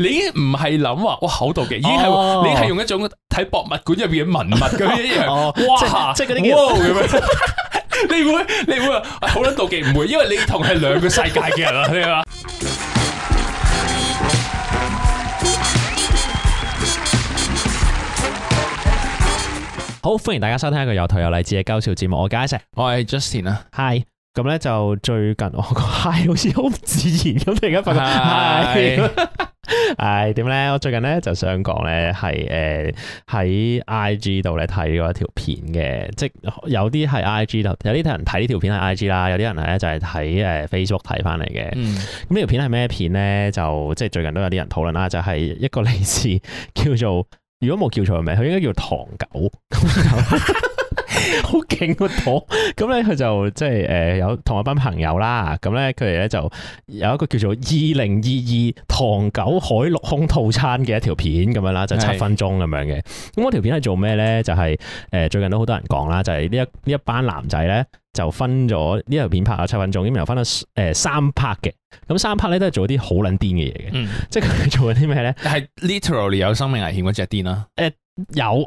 你已經唔係諗話哇好妒忌，已經係你係用一種睇博物館入邊嘅文物咁一樣，哇，即係嗰啲叫咁樣。你唔會你唔會好諗妒忌唔會？因為你同係兩個世界嘅人啊！你話好歡迎大家收聽一個又台又勵志嘅搞笑節目，我介阿石，我係 Justin 啊，Hi，咁咧就最近我係好似好自然咁，突然間發覺。誒，點咧、哎？我最近咧就想講咧，係誒喺 I G 度咧睇過一條片嘅，即係有啲係 I G 度，有啲人睇呢條片係 I G 啦，有啲人咧就係睇誒 Facebook 睇翻嚟嘅。咁呢條片係咩片咧？就即係最近都有啲人討論啦，就係、是、一個類似叫做，如果冇叫錯嘅名，佢應該叫唐狗。 好勁個陀，咁咧佢就即係誒有同一班朋友啦，咁咧佢哋咧就有一個叫做二零二二唐九海陸空套餐嘅一條片咁樣啦，就七、是、分鐘咁樣嘅。咁嗰條片係做咩咧？就係、是、誒最近都好多人講啦，就係、是、呢一呢一班男仔咧就分咗呢條片拍咗七分鐘，咁由分咗誒三 part 嘅。咁三 part 咧都係做啲好撚癲嘅嘢嘅，即係佢做緊啲咩咧？係 literally 有生命危險嗰隻癲啦。有，有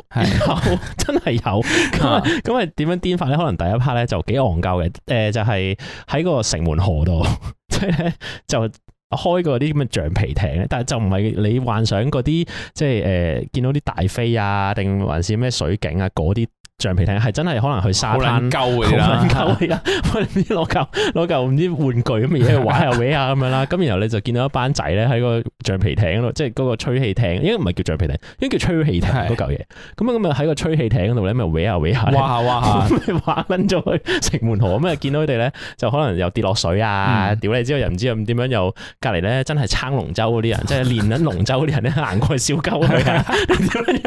嗎 真係的有。咁 是啊，咁啊，點樣癲法咧？可能第一 part 咧就幾戇鳩嘅。誒，就係喺、呃就是、個城門河度，即係咧就開嗰啲咁嘅橡皮艇。但係就唔係你幻想嗰啲，即係誒、呃、見到啲大飛啊，定還是咩水警啊嗰啲。橡皮艇係真係可能去沙灘，好難救佢啦，好難救唔知攞嚿攞嚿唔知玩具咁嘅嘢玩下搲下咁樣啦。咁然後你就見到一班仔咧喺個橡皮艇度，即係嗰個吹氣艇，應該唔係叫橡皮艇，應該叫吹氣艇嗰嚿嘢。咁啊咁啊喺個吹氣艇度咧，咪搲下搲下，哇哇，咩玩撚咗去城門河咁啊？見到佢哋咧就可能又跌落水啊！屌你之，又唔知又點樣又隔籬咧，真係撐龍舟嗰啲人，即係練緊龍舟嗰啲人咧行過去燒鳩佢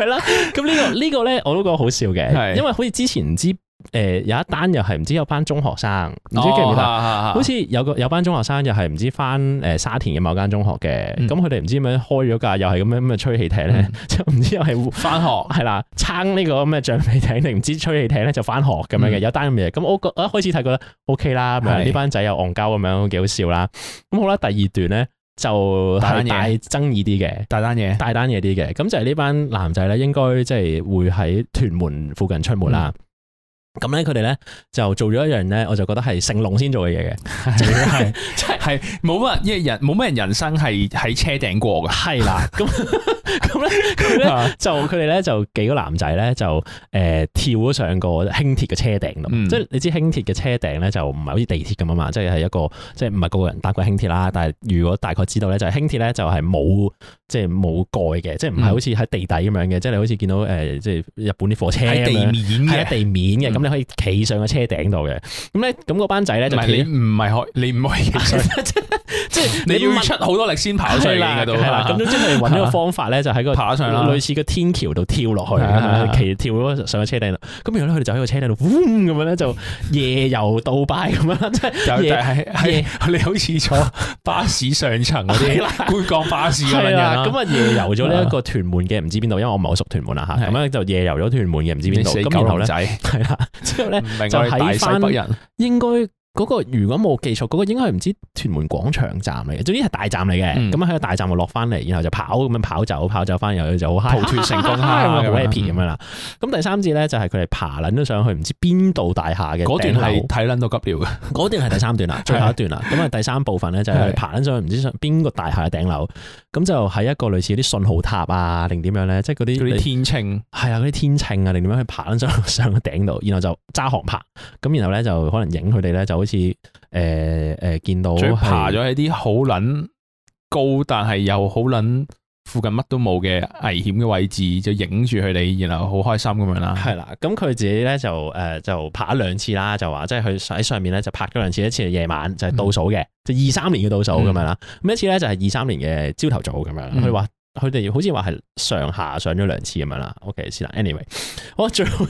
啦。咁呢個呢個咧我都覺得好笑嘅，因為好似之前唔知誒，有一單又係唔知有班中學生，唔知、哦、記唔記得，哈哈哈哈好似有個有班中學生又係唔知翻誒沙田嘅某間中學嘅，咁佢哋唔知點樣開咗架又，嗯、又係咁樣咁嘅吹氣艇咧，就唔知又係翻學係、嗯、啦，撐呢個咁嘅橡皮艇定唔知吹氣艇咧就翻學咁、嗯、樣嘅，有單咁嘅嘢。咁我我一開始睇覺得 O K 啦，呢的班仔又戇鳩咁樣，幾好笑啦。咁好啦，好好好好第二段咧。就爭議啲嘅，大單嘢，大單嘢，大單嘢啲嘅。咁就係呢班男仔咧，應該即係會喺屯門附近出門啦。咁咧、嗯，佢哋咧就做咗一樣咧，我就覺得係成龍先做嘅嘢嘅，係、嗯。 就是係冇乜，一人冇乜人人生係喺車頂過嘅。係啦，咁咁咧，佢咧 呢 就佢哋咧就幾個男仔咧就誒、呃、跳咗上個輕鐵嘅車頂啦。嗯、即係你知輕鐵嘅車頂咧就唔係好似地鐵咁啊嘛，即係係一個即係唔係個個人搭過輕鐵啦。嗯、但係如果大概知道咧，就係輕鐵咧就係冇、就是嗯、即係冇蓋嘅，即係唔係好似喺地底咁樣嘅。即、就、係、是、你好似見到誒，即係日本啲火車喺地面，喺地面嘅，咁、嗯、你可以企上個車頂度嘅。咁、嗯、咧，咁嗰班仔咧就唔係你，唔係可，你唔可以。 即係你要出好多力先跑上嚟嘅都咁樣，即係要揾一個方法咧，就喺個爬上啦，類似個天橋度跳落去，騎跳咗上個車頂啦。咁然後咧，佢哋就喺個車頂度，咁樣咧就夜遊杜拜咁樣，即係夜夜你好似坐巴士上層嗰啲觀光巴士咁樣咁啊夜遊咗呢一個屯門嘅唔知邊度，因為我唔係好熟屯門啦吓。咁樣就夜遊咗屯門嘅唔知邊度。咁然後咧，係啦，之後咧就係大西北人應該。嗰個如果冇記錯，嗰、嗰個應該係唔知屯門廣場站嚟嘅，總之係大站嚟嘅。咁喺個大站度落翻嚟，然後就跑咁樣跑走，跑走翻又佢就好 high，逃脫成功咁、啊啊、樣啦。咁、嗯、第三節咧就係佢哋爬撚咗上去唔知邊度大廈嘅頂樓，睇撚到急尿嗰 段係第三段啊， 最後一段啊。咁啊是第三部分咧就係、是、爬撚上去唔知上邊個大廈嘅頂樓，咁 是就係一個類似啲信號塔啊定點樣咧，即係嗰啲啲天秤係啊嗰啲天秤啊定點樣爬上去爬撚上上個頂度，然後就揸航拍，咁然後咧就，就可能影佢哋咧就。似誒誒，見到爬咗喺啲好捻高，但係又好捻附近乜都冇嘅危險嘅位置，就影住佢哋，然後好開心咁樣啦。係啦，咁佢自己咧就誒、呃、就拍咗兩次啦，就話即係佢喺上面咧就拍咗兩次，一次係夜晚就，就係倒數嘅，就二三年嘅倒數咁樣啦。咁、嗯、一次咧就係二三年嘅朝頭早咁樣。佢話佢哋好似話係上下上咗兩次咁樣啦。OK，先、anyway, 啦。Anyway，好最好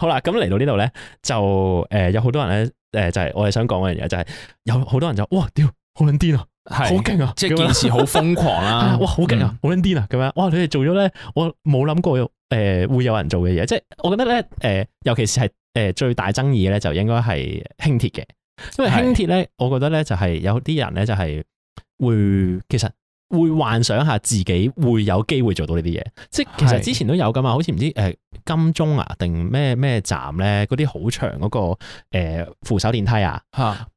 好啦，咁嚟到呢度咧就誒、呃、有好多人咧。誒，就係我係想講嗰樣嘢，就係有好多人就，哇，屌好撚癲啊係好勁啊，是啊即係件事好瘋狂啊， 啊！哇，好勁啊，好撚癲啊，咁、嗯、樣，哇，你哋做咗咧，我冇諗過誒會有人做嘅嘢，即、就、係、是、我覺得咧，誒、呃，尤其是係誒、呃、最大爭議咧，就應該係輕鐵嘅，因為輕鐵咧，是的 我覺得咧就係有啲人咧就係會其實。會幻想下自己會有機會做到呢啲嘢，即係其實之前都有噶嘛，好似唔知誒金鐘啊定咩咩站咧，嗰啲好長嗰個誒扶手電梯啊，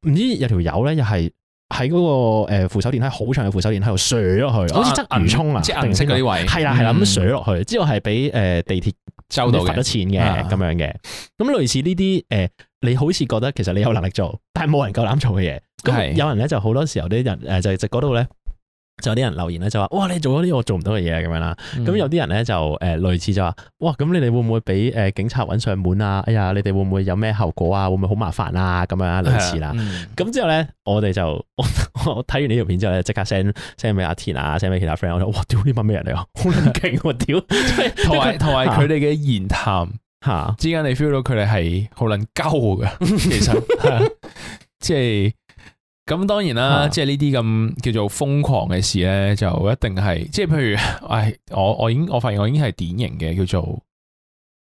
唔知有條友咧又係喺嗰個誒扶手電梯好長嘅扶手電梯度墜咗去，好似鰂魚涌啊，即係銀色嗰啲位，係啦係啦咁墜落去之後係俾誒地鐵周到罰咗錢嘅咁樣嘅，咁類似呢啲誒你好似覺得其實你有能力做，但係冇人夠膽做嘅嘢，咁有人咧就好多時候啲人誒就就嗰度咧。就有啲人留言咧，就話哇，你做咗啲、這個、我做唔到嘅嘢咁樣啦。咁、嗯、有啲人咧就誒類似就話哇，咁你哋會唔會俾誒警察揾上門啊？哎呀，你哋會唔會有咩後果啊？會唔會好麻煩啊？咁樣類似啦。咁、嗯、之後咧，我哋就我我睇完呢條片之後咧，即刻 send send 俾阿田啊，send 俾其他 friend，、嗯、我話哇，屌呢班咩人嚟啊？好勁， 我屌、啊。同埋同埋佢哋嘅言談吓之間，你 feel 到佢哋係好撚鳩嘅，其實即係。嗯 咁當然啦，的即係呢啲咁叫做瘋狂嘅事咧，就一定係即係，譬如，唉，我我已經我發現我已經係典型嘅叫做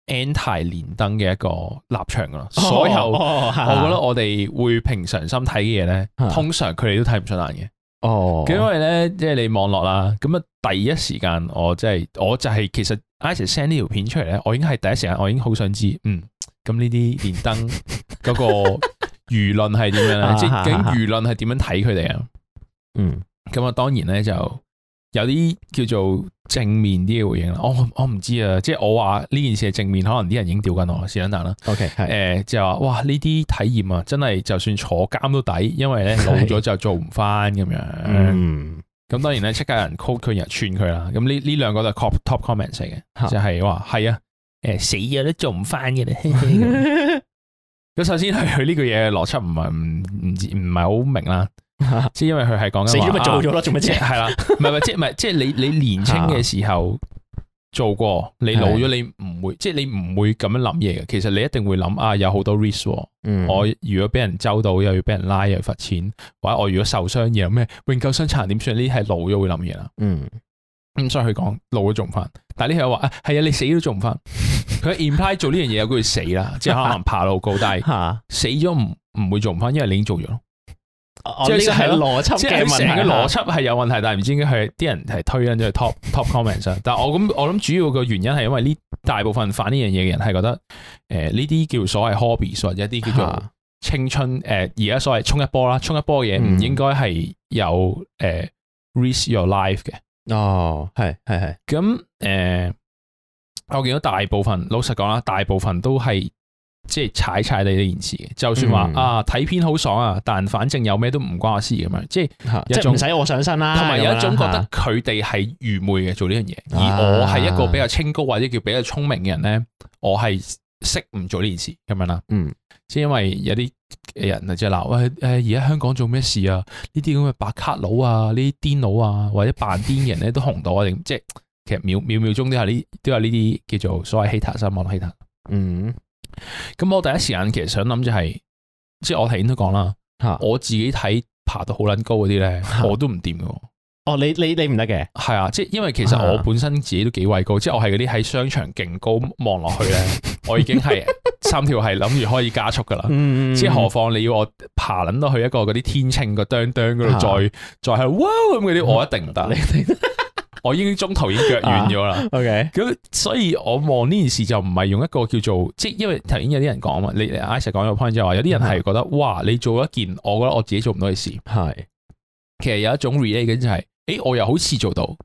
anti 連登嘅一個立場啦。哦、所有我覺得我哋會平常心睇嘅嘢咧，的通常佢哋都睇唔出眼嘅。哦，因為咧，即係你網絡啦，咁啊，第一時間我即係我就係、是就是、其實 Iris send 呢條片出嚟咧，我已經係第一時間，我已經好想知，嗯，咁呢啲連登嗰個。 輿論係點樣咧？即係究竟，輿論係點樣睇佢哋啊？啊啊嗯，咁啊，當然咧，就有啲叫做正面啲嘅回應啦。我我唔知啊，即係我話呢件事係正面，可能啲人已經吊緊我。史欣達啦，OK 係是誒、呃，就話哇呢啲體驗啊，真係就算坐監都抵，因為咧老咗就做唔翻咁樣。咁、嗯嗯嗯、當然咧，出家人 call 佢又串佢啦。咁呢呢兩個就 top top comments 嘅，嗯、就係話係啊，誒、呃、死咗都做唔翻嘅咧。 咁首先係佢呢個嘢邏輯唔係唔唔唔係好明啦，即係 因為佢係講緊死做咗咯，做乜啫？係 啦，唔係唔係即係唔係即係你你年青嘅時候做過， 你老咗你唔會，即係你唔會咁樣諗嘢嘅。其實你一定會諗啊，有好多 risk，哦，嗯，我如果俾人捉到又要俾人拉又罰錢，或者我如果受傷又咩永久傷殘？點算？呢啲係老咗會諗嘢啦。嗯。咁所以佢講路都做唔翻，但係呢條話係啊，你死都做唔翻。佢、 e、imply 做呢樣嘢，我估佢死啦，即係可能爬到高，低，係死咗唔唔會做唔翻，因為你已經做咗咯。即係係邏輯嘅問題，邏輯係有問題，但係唔知應解佢啲人係推因咗 top top comment 咧。但係我咁我諗主要嘅原因係因為呢，大部分反呢樣嘢嘅人係覺得，誒呢啲叫所謂 hobbies 或者一啲叫做青春，誒而家所謂衝一波啦，衝一波嘅嘢唔應該係有誒 r i s,、嗯 啊、k your life 嘅。哦，係係係，咁誒、呃，我見到大部分老實講啦，大部分都係即係踩踩你呢件事就算話、嗯、啊睇片好爽啊，但反正有咩都唔關我事咁樣，即係即唔使我上身啦，同埋有，有一種覺得佢哋係愚昧嘅、啊、做呢樣嘢，而我係一個比較清高或者叫比較聰明嘅人呢，我係。識唔做呢件事咁樣啦，嗯，即係因為有啲人啊，即係嗱，喂，誒，而家香港做咩事啊？呢啲咁嘅白卡佬啊，呢啲癲佬啊，或者扮癲嘅人咧都紅到啊！定 即係其實秒秒秒鐘都係呢，都有呢啲叫做所謂希塔，甚至網絡希塔。嗯，咁我第一時間其實想諗就係、是，即係我頭先都講啦，是的 我自己睇爬到好撚高嗰啲咧，我都唔掂嘅。哦，你你你唔得嘅，係啊，即係因為其實我本身自己都幾畏高，即係我係嗰啲喺商場勁高望落去咧，我已經係心跳係諗住可以加速噶啦，嗯嗯，即係何況你要我爬諗到去一個嗰啲天秤個哚哚嗰度再再係哇咁嗰啲，我一定唔得，我已經中途已經腳軟咗啦。OK，咁所以我望呢件事就唔係用一個叫做即係，因為頭先有啲人講啊嘛，你阿石講咗 point 之後，話有啲人係覺得哇，你做一件，我覺得我自己做唔到嘅事係。其實有一種 relate 嘅就係、是，誒、欸、我又好似做到，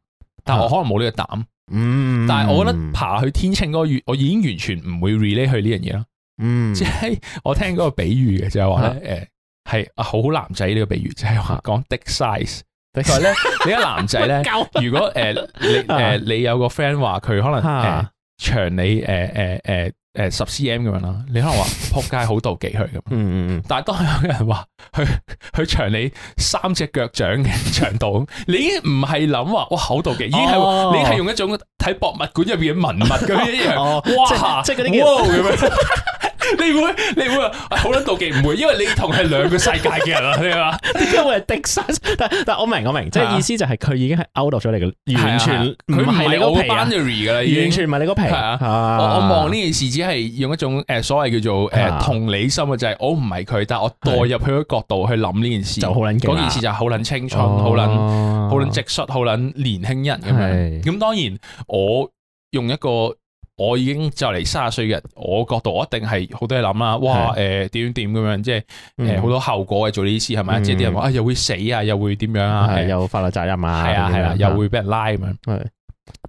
但係我可能冇呢個膽、啊。嗯，嗯但係我覺得爬去天秤嗰個月，我已經完全唔會 relate 去呢樣嘢咯。嗯，即係我聽嗰個比喻嘅就係話咧，誒係、啊啊、好,好男仔呢個比喻，就係話講的 size。但係咧，你一男仔咧，如果誒你誒你有個 friend 話佢可能長你，誒誒誒。誒十、呃、cm 咁樣啦，你可能話撲街好妒忌佢咁， 但係當有人話佢佢長你三隻腳掌嘅長度，你已經唔係諗話哇好妒忌，已經係、哦、你係用一種睇博物館入面嘅文物咁一樣，哦、哇，即係嗰啲嘅咁樣。 你會你會好捻妒忌唔會？因為你同係兩個世界嘅人啦，你話因為係的士？但但我明我明，即係意思就係佢已經係 out 咗你嘅，完全佢唔係你個皮噶啦，完全唔係你個皮。我我望呢件事只係用一種誒，所謂叫做誒同理心嘅，就係我唔係佢，但我代入佢個角度去諗呢件事，就好捻。嗰件事就好捻青春，好捻好捻直率，好捻年輕人咁樣。咁當然我用一個。我已經就嚟卅歲嘅人，我角度我一定係好多嘢諗啦。哇，誒的，點點咁樣，即係誒，好、嗯、多後果我做呢啲事係咪？即係啲人話啊、哎，又會死啊，又會點樣啊？係有法律責任啊，係啊的，係啊的，又會俾人拉咁樣。係咁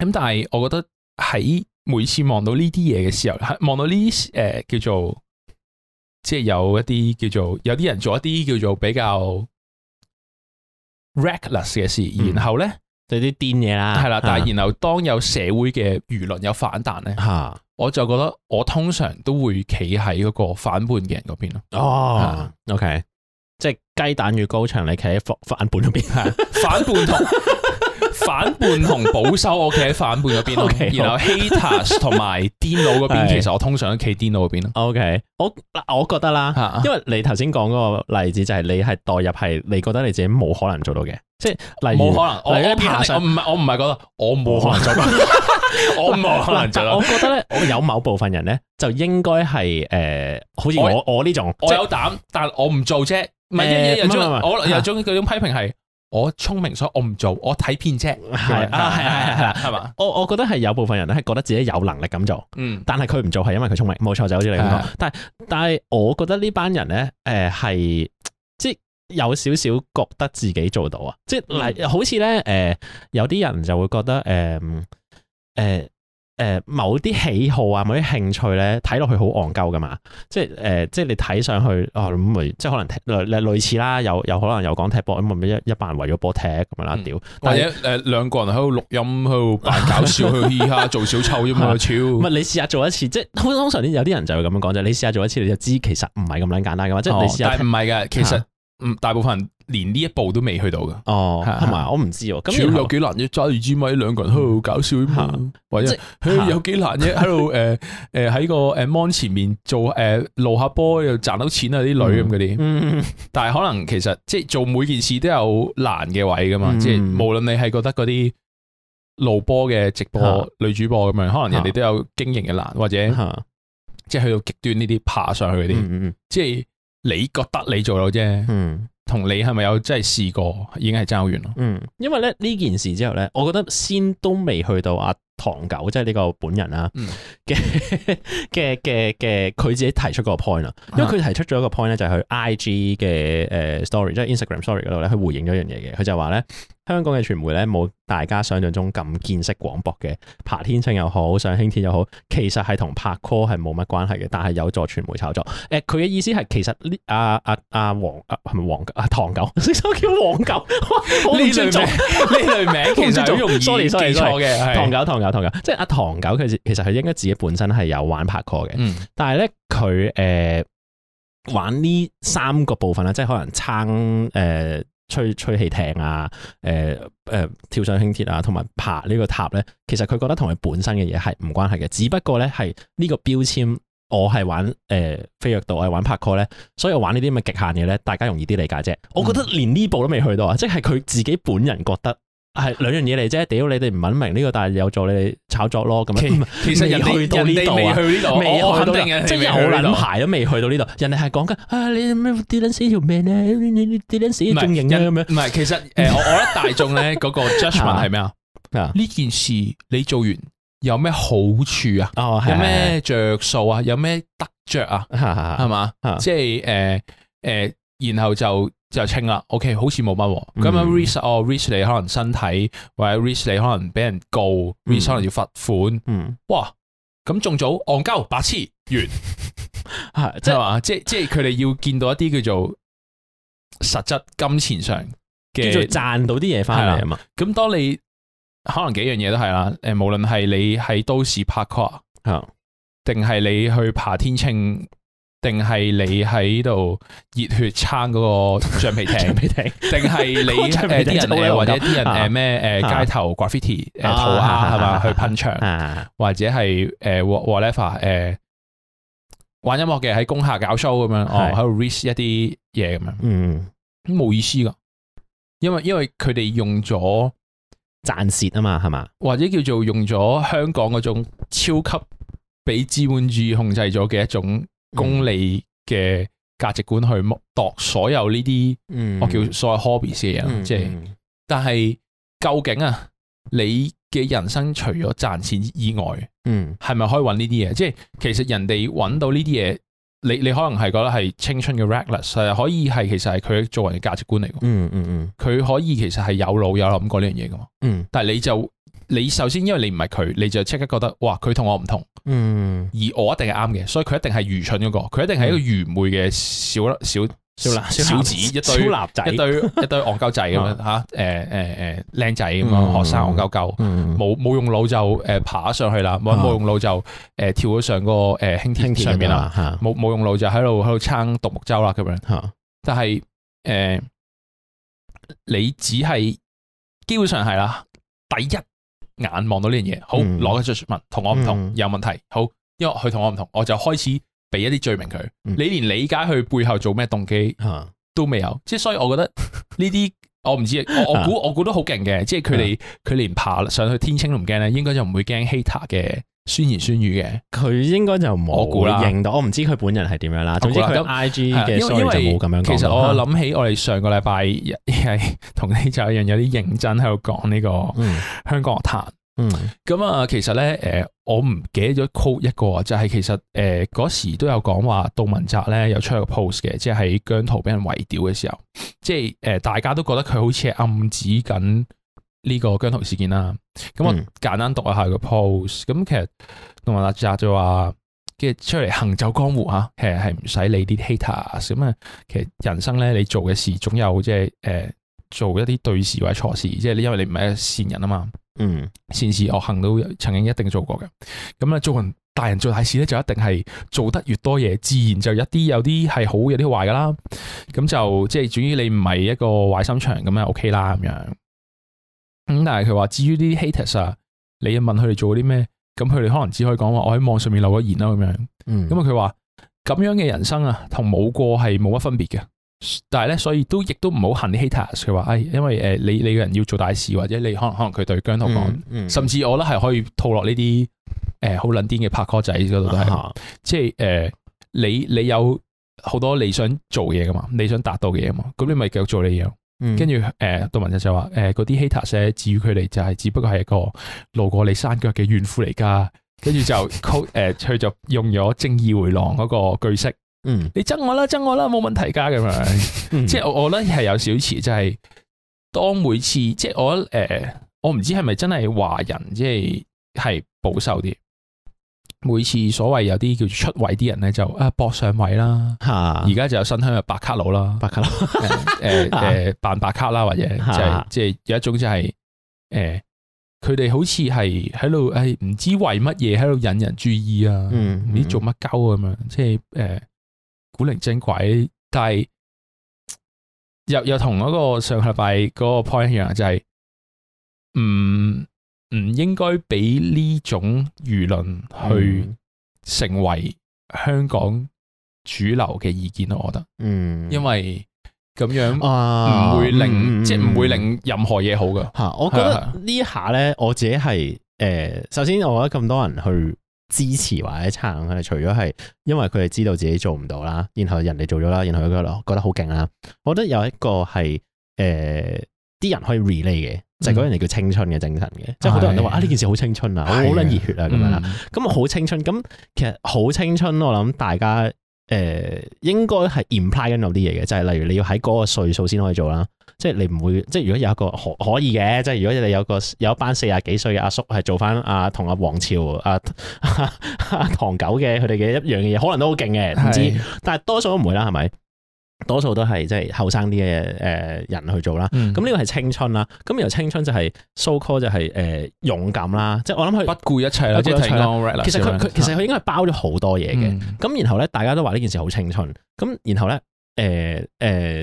的，但係我覺得喺每次望到呢啲嘢嘅時候，望到呢啲誒叫做，即係有一啲叫做，有啲人做一啲叫做比較 reckless 嘅事，然後咧。對啲癲嘢啦，係啦的，啊、但係然後當有社會嘅輿論有反彈咧，啊、我就覺得我通常都會企喺嗰個反叛嘅人嗰邊咯。哦的，OK，即係雞蛋越高牆，你企喺反叛嗰邊， 反叛同。 反叛同保守，我企喺反叛嗰邊 OK，然後 hater 同埋癲佬嗰邊，其實我通常都企癲佬嗰邊咯。O K，我嗱，我覺得啦，因為你頭先講嗰個例子，就係你係代入係，你覺得你自己冇可能做到嘅，即係例如冇可能。我唔係，我唔係覺得我冇可能做，我冇可能做到。我覺得咧，我有某部分人咧，就應該係誒，好似我我呢種，我有膽，但我唔做啫。唔係，我又中嗰種批評係。我聰明，所以我唔做，我睇片啫。係係係係，係嘛。我我覺得係有部分人咧，係覺得自己有能力咁做。嗯，但係佢唔做，係因為佢聰明。冇錯，就好似你咁講。但係但係，我覺得呢班人咧，誒、呃，係即係有少少覺得自己做到啊。即係，例如好似咧，誒、呃，有啲人就會覺得，誒、呃，誒、呃。誒，某啲喜好啊，某啲興趣咧，睇落去好戇鳩噶嘛，即係誒，即係你睇上去哦咁咪，即係可能類類似啦，有又可能又講踢波咁，咪一班人為咗波踢咁樣啦屌！或者誒，兩個人喺度錄音，喺度扮搞笑，去嘻哈做小丑啫嘛，超！唔係你試下做一次，即係通常有啲人就會咁樣講啫，你試下做一次你就知，其實唔係咁簡單嘅嘛，即係你試下。但係唔係嘅，其實嗯，大部分。連呢一步都未去到㗎，哦，係啊，同埋我唔知，咁有幾難啫揸住支咪，兩個人喺度搞笑，或者有幾難啫？喺度誒誒喺個誒 mon 前面做誒露下波又賺到錢啊啲女咁嗰啲，但係可能其實即係做每件事都有難嘅位噶嘛，即係無論你係覺得嗰啲露波嘅直播女主播咁樣，可能人哋都有經營嘅難，或者即係去到極端呢啲爬上去嗰啲，即係你覺得你做到啫，嗯。同你係咪有真係試過已經係爭完咯？嗯，因為咧呢件事之後咧，我覺得先都未去到阿、啊、唐九即係呢個本人啦嘅嘅嘅嘅，佢、嗯、的笑自己提出個 point 啊，因為佢提出咗一個 point 咧，就係去 I G 嘅誒 story，即係 Instagram story 嗰度咧，去回應咗一樣嘢嘅，佢就話咧。香港嘅傳媒咧，冇大家想象中咁見識廣博嘅，拍天青又好，上興天又好，其實係同拍 call 係冇乜關係嘅，但係有助傳媒炒作。誒、呃，佢嘅意思係，其實呢阿阿阿黃啊，係咪黃啊？唐狗，你收起黃狗，呢 類名，呢其實 類名，sorry，sorry， 錯嘅， sorry, sorry, sorry, 唐狗，唐狗，唐狗，即係阿、啊、唐狗，佢其實佢應該自己本身係有玩拍 call 嘅，嗯、但係咧佢誒玩呢三個部分咧，即係可能撐誒。呃呃吹吹氣艇啊，誒、呃、誒、呃、跳上輕鐵啊，同埋爬呢個塔咧，其實佢覺得同佢本身嘅嘢係唔關係嘅，只不過咧係呢個標籤，我係玩誒、呃、飛躍道，我係玩 parkour 咧，所以我玩呢啲咁嘅極限嘢咧，大家容易啲理解啫。嗯、我覺得連呢步都未去到啊，即係佢自己本人覺得。係兩樣嘢嚟啫，屌你哋唔文明呢個，大有做你哋炒作咯，咁樣。其實人哋未去呢度，我肯定即係有諗排都未去到呢度。人哋係講緊啊，你咩跌撚死條命咧？你你跌撚死仲型咧？咁樣。唔係，其實誒，我我覺得大眾咧嗰個 judgement 係咩啊？呢 件事你做完有咩好處啊？有咩着數啊？有咩得着啊？係嘛？ 即係誒誒，然後就。就清啦，OK，好似冇乜咁樣。嗯、risk 哦，risk 你可能身體，或者 risk 你可能俾人告，嗯、risk 可能要罰款。嗯，哇，咁仲早，戇鳩，白痴，完，係即係話，即係即係佢哋要見到一啲叫做實質金錢上嘅賺到啲嘢翻嚟啊嘛。咁的當你可能幾樣嘢都係啦，誒，無論係你喺都市 parkour、嗯，係啊，定係你去爬天秤。定係你喺度熱血撐嗰個橡皮艇，定係你誒啲人或者啲人誒咩誒街頭 graffiti 誒塗鴉係嘛去噴場，或者係誒 whatever 誒玩音樂嘅喺工廈搞 show 咁樣，我喺度 risk 一啲嘢咁樣，嗯，冇意思噶，因為因為佢哋用咗賺蝕啊嘛，係嘛，或者叫做用咗香港嗰種超級俾資本主義控制咗嘅一種。功利嘅價值觀去剝奪所有呢啲、嗯、我叫所有 hobbies 嘅嘢，即係、嗯嗯就是，但係究竟啊，你嘅人生除咗賺錢以外，嗯，係咪可以揾呢啲嘢？即、就、係、是、其實人哋揾到呢啲嘢，你你可能係覺得係青春嘅 reckless，係可以係其實係佢做人嘅價值觀嚟嘅、嗯，嗯嗯嗯，佢可以其實係有腦有諗過呢樣嘢㗎嘛，嗯，但係你就。你首先，因為你唔係佢，你就即刻覺得哇，佢同我唔同，嗯，而我一定係啱嘅，所以佢一定係愚蠢嗰個，佢一定係一個愚昧嘅小啦、小小小子一堆、一堆一堆戇鳩、 啊呃、仔咁樣吓，誒誒誒，靚仔咁啊，學生憨鳩鳩，冇冇、嗯、用腦就誒爬上去啦，冇冇、嗯、用腦就誒、啊、跳咗上個誒輕鐵上面啦，冇冇、啊啊、用腦就喺度喺度撐獨木舟啦咁樣，啊啊、但係誒、啊，你只係基本上係啦，第一。第一眼望到呢樣嘢，好攞個 statement 同我唔同，嗯、有問題，好，因為佢同我唔同，我就開始俾一啲罪名佢。嗯、你連理解佢背後做咩動機都未有，即係、嗯、所以我覺得呢啲我唔知、嗯我，我估我估都好勁嘅，嗯、即係佢哋佢連爬上去天青都唔驚咧，應該就唔會驚 hater 嘅。酸言酸語嘅，佢應該就唔我估認到，我唔知佢本人係點樣啦。總之佢 I G 嘅，因為因為所以就冇咁樣講。其實我諗起我哋上個禮拜係同你就一樣，有啲認真喺度講呢個香港樂壇。嗯，咁啊，其實咧，誒，我唔記咗 quote 一個，就係、是、其實誒嗰時都有講話杜汶澤咧又出個 post 嘅，即、就、係、是、姜濤俾人圍屌嘅時候，即係誒大家都覺得佢好似係暗指緊。呢個姜濤事件啦，咁我簡單讀一下個 post 咁、嗯、其實同埋阿澤就話，即係出嚟行走江湖吓，其實係唔使理啲 haters。咁啊，其實人生咧，你做嘅事總有即係誒做一啲對事或者錯事，即係你因為你唔係善人啊嘛。嗯，善事惡行都曾經一定做過嘅。咁咧做人大人做大事咧，就一定係做得越多嘢，自然就一啲有啲係好，有啲壞噶啦。咁就即係主要你唔係一個壞心腸，咁啊 OK 啦咁樣。咁但係佢話，至於啲 haters 啊，你問佢哋做啲咩，咁佢哋可能只可以講話我喺網上面留咗言啦咁、嗯、樣。咁啊佢話咁樣嘅人生啊，同冇過係冇乜分別嘅。但係咧，所以都亦都唔好恨啲 haters。佢話，誒，因為誒、呃，你你個人要做大事，或者你可能可能佢對姜濤講，嗯嗯、甚至我咧係可以套落呢啲誒好撚癲嘅拍拖仔嗰度都係，即係誒你你有好多你想做嘢噶嘛，你想達到嘅嘢嘛，咁你咪繼續做你嘢。跟住，誒、嗯，杜、呃、文一就話，誒、呃，嗰啲 hater 至於佢哋就係只不過係一個路過你山腳嘅怨婦嚟噶，跟住就，誒、 呃，佢就用咗正義迴廊嗰個句式，嗯，你憎我啦，憎我啦，冇問題噶，咁樣、嗯，即係我，我呢係有少詞，就係、是、當每次，即係我，誒、呃，我唔知係咪真係華人，即係係保守啲。每次所謂有啲叫出位啲人咧，就啊搏上位啦。而家、啊、就有新香嘅白卡佬啦，白卡佬誒誒扮白卡啦，或者即係即係有一種就係、是、誒，佢、呃、哋、啊、好似係喺度誒唔知為乜嘢喺度引人注意啊？唔、嗯嗯、知做乜鳩咁樣，即係誒古靈精鬼，但係又又同嗰個上個禮拜嗰個 point 一樣、就是，就係嗯。唔應該俾呢種輿論去、嗯、成為香港主流嘅意見咯，我覺得，嗯，因為咁樣唔會令即係唔會令任何嘢好噶吓、啊。我覺得呢一下咧，嗯、我自己係誒、呃，首先我覺得咁多人去支持或者撐佢哋，除咗係因為佢哋知道自己做唔到啦，然後人哋做咗啦，然後佢覺得好勁啦。我覺得有一個係誒，啲、呃、人可以 relate 嘅。就係嗰樣嘢叫青春嘅精神嘅。嗯、即係好多人都話的啊呢件事好青春啊，好捻熱血啊咁樣啦，咁好青春，咁的其實好青春我諗大家誒、呃、應該係 imply 緊有啲嘢嘅，就係、是、例如你要喺嗰個歲數先可以做啦，即係你唔會即係如果有一個可可以嘅，即係如果你有個有一班四廿幾歲嘅阿叔係做翻阿同阿黃朝阿、啊啊啊啊、唐九嘅佢哋嘅一樣嘅嘢，可能都好勁嘅，唔知，的的但係多數都唔會啦係咪？多數都係即係後生啲嘅誒人去做啦，咁呢、嗯、個係青春啦。咁由青春就係 so called 就係誒勇敢啦，嗯、即係我諗佢不顧一切啦。切啦即其實佢佢其實佢應該係包咗好多嘢嘅。咁、嗯、然後咧，大家都話呢件事好青春。咁然後咧，誒、呃、誒、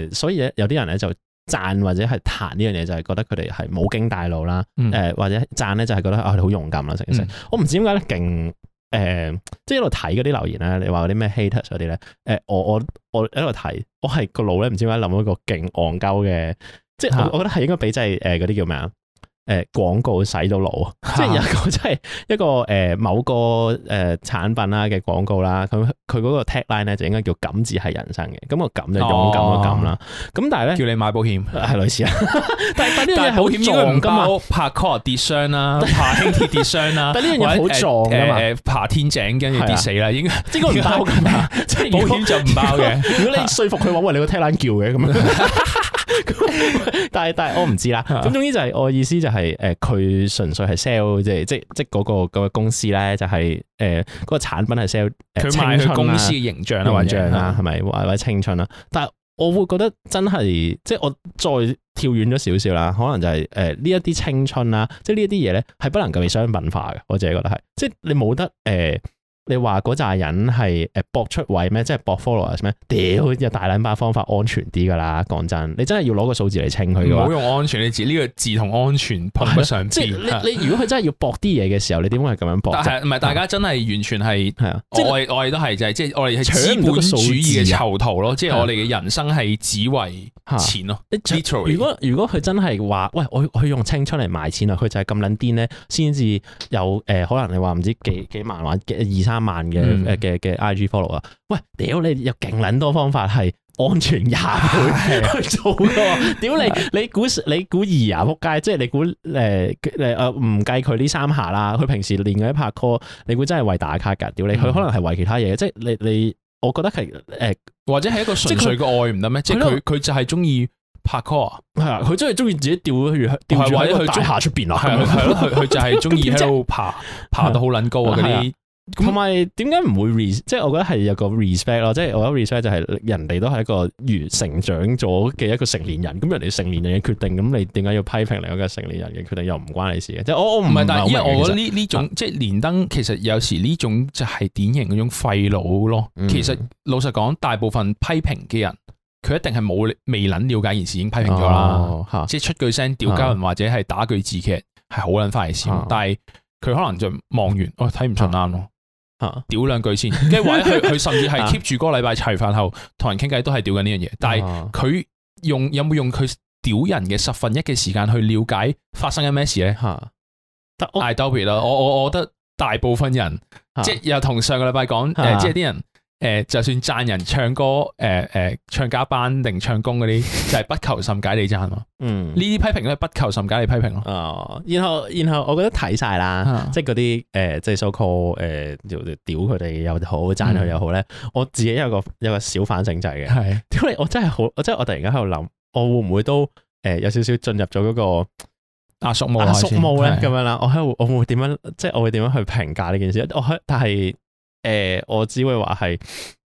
呃，所以有啲人咧就讚或者係彈呢樣嘢，就係、是、覺得佢哋係冇經大腦啦。誒、嗯、或者讚咧就係覺得啊佢哋好勇敢啦成成。事嗯、我唔知點解咧勁。誒、嗯，即係一路睇嗰啲留言啦，你話嗰啲咩 hater 嗰啲咧？誒、嗯，我我我一路睇，我係個腦咧，唔知點解諗到一個勁戇鳩嘅，即係我我覺得係應該俾即係誒嗰啲叫咩啊？誒，廣告洗到腦，即係有一個即係一個誒，某個誒產品啦嘅廣告啦，佢佢嗰個 tagline 咧就應該叫敢字係人生嘅，咁個敢就勇敢個敢啦，咁但係咧叫你買保險係類似啊，但係但呢樣嘢好險，因為唔包爬 call 跌傷啦，爬輕鐵跌傷啦，但呢樣嘢好撞噶嘛，誒爬天井跟住跌死啦，應該呢個唔包嘅，即係保險就唔包嘅，如果你說服佢話喂，你個 tagline 叫嘅咁樣。 但係但係我唔知啦，咁總之就係我意思就係、是、誒，佢、呃、純粹係 sell 即係即即、那、嗰個、那個公司咧、就是，就係誒嗰個產品係 sell 佢賣佢公司嘅形象啊，形象啊係咪或者青春啦、啊。但係我會覺得真係即係我再跳遠咗少少啦，可能就係誒呢一啲青春啦、啊，即係呢一啲嘢咧係不能夠被商品化嘅，我自己覺得係，即係你冇得誒。呃你話嗰扎人係誒博出位咩？即係博 followers 咩？屌有大撚把方法安全啲噶啦！講真，你真係要攞個數字嚟稱佢。唔好用安全呢字，呢個字同安全碰不上邊，即係你如果佢真係要博啲嘢嘅時候，你點會係咁樣博？但係唔係大家真係完全係係啊？的我哋的我哋都係就係即係我哋係資本主義嘅囚徒咯。即係我哋嘅人生係只為錢咯。如果如果佢真係話喂，我佢用青春嚟賣錢啊，佢就係咁捻癲咧，先至有誒、呃、可能你話唔知幾幾萬或二三萬嘅嘅嘅 IG follow 啊，喂屌你有勁撚多方法係安全廿倍 去做噶，屌你，你估你估二啊撲街！即係你估誒誒誒唔計佢呢三下啦，佢平時練嗰啲拍 call，你估真係為打卡噶？屌你，佢可能係為其他嘢，即係你你，我覺得係誒，呃、或者係一個純粹嘅愛唔得咩？即係佢佢就係中意拍 call 啊，係啊，佢真係中意自己吊住吊住，或佢中下出邊啊，係咯、啊，佢、啊、就係中意喺度爬 爬到好撚高啊啲。同埋點解唔會即係我覺得係有個 respect 咯，即係我覺得 respect 就係人哋都係一個完成長咗嘅一個成年人，咁人哋成年人嘅決定，咁你點解要批評另一個成年人嘅決定又唔關你事嘅？即係我我唔係，但係因為我覺得呢呢種即係連登，其實有時呢種就係典型嗰種廢佬咯。其實老實講，大部分批評嘅人，佢一定係冇未撚了解件事，已經批評咗啦，即係出句聲屌鳩人或者係打句字劇係好撚快先，但係佢可能就望完哦睇唔出啱咯。屌兩句先，跟住 或者佢佢甚至係 keep 住嗰個禮拜齊飯後同人傾偈都係屌緊呢樣嘢， 但係佢用有冇用佢屌人嘅十分一嘅時間去了解發生緊咩事咧？吓，ideally 咯，我我我覺得大部分人 即係又同上個禮拜講誒， 即係啲人。誒、呃，就算贊人唱歌，誒、呃、誒、呃，唱家班定唱功嗰啲，就係、是、不求甚解你贊咯。嗯，呢啲批評都不求甚解你批評咯。啊、哦，然後然後，我覺得睇晒啦，即係嗰啲誒，即係 so call 誒，屌佢哋又好，贊佢又好咧。嗯、我自己有個有個小反省仔嘅，屌你的！我真係好，即係我突然間喺度諗，我會唔會都誒、呃、有少少進入咗嗰、那個阿叔母阿叔母咧咁樣啦？我喺我會點樣？即係我會點樣去評價呢件事？我，我但係。誒、呃，我只會話係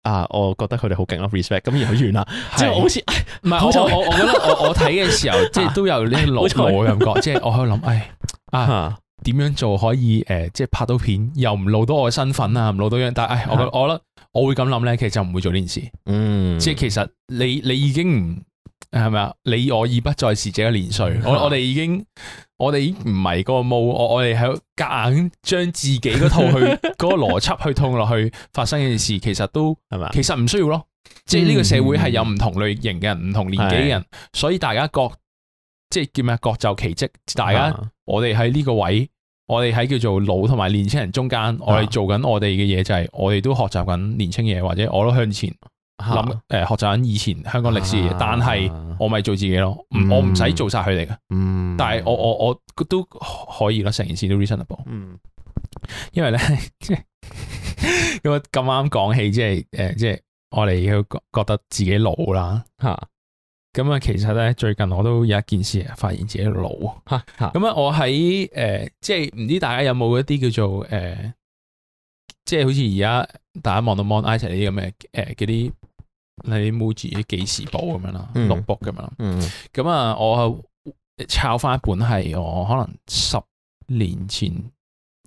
啊，我覺得佢哋是好勁啊，respect。咁而係完啦，即係好似唔係我我我覺得我 我睇嘅時候，即係都有呢個內幕嘅感覺。即係我喺度諗，誒啊，點樣做可以誒、呃，即係拍到片又唔露到我嘅身份啊，唔露到樣。但係，我覺得、啊、我覺得，我會咁諗咧，其實就唔會做呢件事。嗯，即係其實你你已經唔。係咪啊？你我已不再是這個年歲，我我哋已經，我哋已經唔係個冇。我我哋喺夾硬將自己嗰套去嗰 個邏輯去套落去發生呢件事，其實都係咪啊？吧其實唔需要咯，即係呢個社會係有唔同類型嘅人，唔、嗯、同年紀嘅人，的所以大家各即係叫咩各就其職。大家的我哋喺呢個位，我哋喺叫做老同埋年青人中間，的我哋做緊我哋嘅嘢，就係我哋都學習緊年青嘢，或者我都向前。諗誒、呃，學習緊以前香港歷史，啊、但係我咪做自己咯，嗯、我唔使做晒佢哋嘅。嗯、但係我我我都可以咯，成件事都 reasonable。嗯，因為咧，即係咁啊，咁啱講起、就是，即係誒，即、就、係、是、我哋要覺覺得自己老啦吓。咁啊，其實咧最近我都有一件事啊，發現自己老吓。咁啊，啊我喺誒、呃，即係唔知大家有冇一啲叫做誒、呃，即係好似而家大家望到 mon 呢啲咁嘅誒嗰啲。你冇自己記事簿咁樣啦，notebook 咁樣，咁啊，我抄翻一本係我可能十年前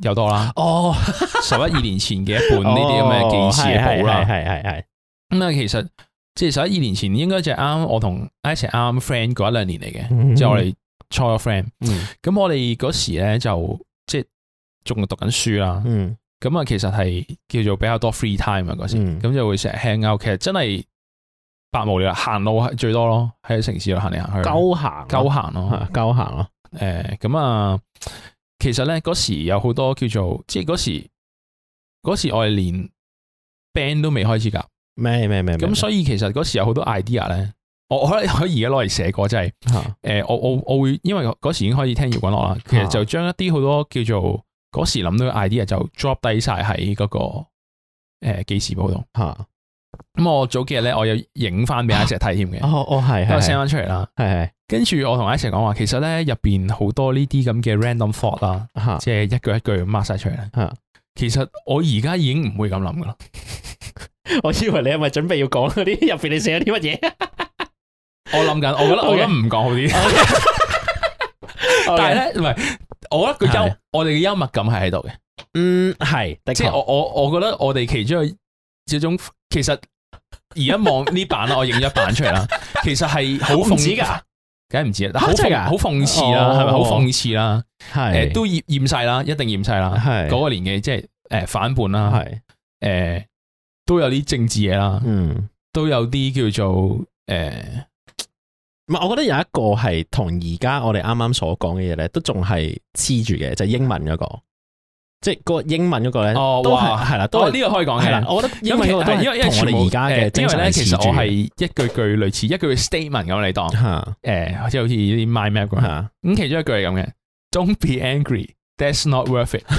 有多啦，哦，十一二年前嘅一本呢啲咁嘅記事簿啦，係係係，咁啊，其實即係十一二年前應該就啱我同阿 Sir 啱 friend 嗰一兩年嚟嘅，即係我哋初咗 friend，咁我哋嗰時咧就即係仲讀緊書啦，咁啊，其實係叫做比較多 free time 啊嗰時，咁就會成日 hang out，其實真係。百無聊，行路係最多咯，喺城市度行嚟行去，夠行夠、啊、行咯、啊，夠行咯、啊。誒、嗯，咁啊、呃，其實咧嗰時有好多叫做，即係嗰時嗰時我係連 band 都未開始噶，咩咩咩，咁所以其實嗰時有好多 idea 咧，我我可以而家攞嚟寫過，即係誒，我我我會因為嗰時已經開始聽搖滾樂啦，啊、其實就將一啲好多叫做嗰時諗到嘅 idea 就 drop 低晒喺嗰個誒記事簿度吓。呃咁我早幾日咧，我又影翻俾阿石睇添嘅。哦，我係，我 send 翻出嚟啦。係係，跟住我同阿石講話，其實咧入邊好多呢啲咁嘅 random thought 啦，即係一句一句咁 mark 晒出嚟。其實我而家已經唔會咁諗噶啦。我以為你係咪準備要講嗰啲入邊你寫咗啲乜嘢？我諗緊，我覺得我而家唔講好啲。但係咧，唔係，我覺得佢幽，我哋嘅幽默感係喺度嘅。嗯，係，即係我我我覺得我哋其中有種其實。而家望呢版啦， 我影一版出嚟啦。其實係好諷刺㗎，梗係唔知啦，好諷好諷刺啦，係咪好諷刺啦？係誒是、呃，都厭厭世啦，一定厭世啦。係嗰是 個年紀、就是，即係誒反叛啦，係誒都有啲政治嘢啦，嗯，都有啲、嗯、叫做誒。唔、呃、係，我覺得有一個係同而家我哋啱啱所講嘅嘢咧，都仲係黐住嘅，就係、是、英文嗰、那個。即係嗰個英文嗰個咧，都係係啦，都係呢、哦呢個可以講嘅。我覺得我因為因為同我哋而家嘅因為咧，其實我係一句句類似一句句 statement 咁你當，誒、嗯欸、即係好似啲 mind map 咁。的其中一句係咁嘅，Don't be angry，that's not worth it。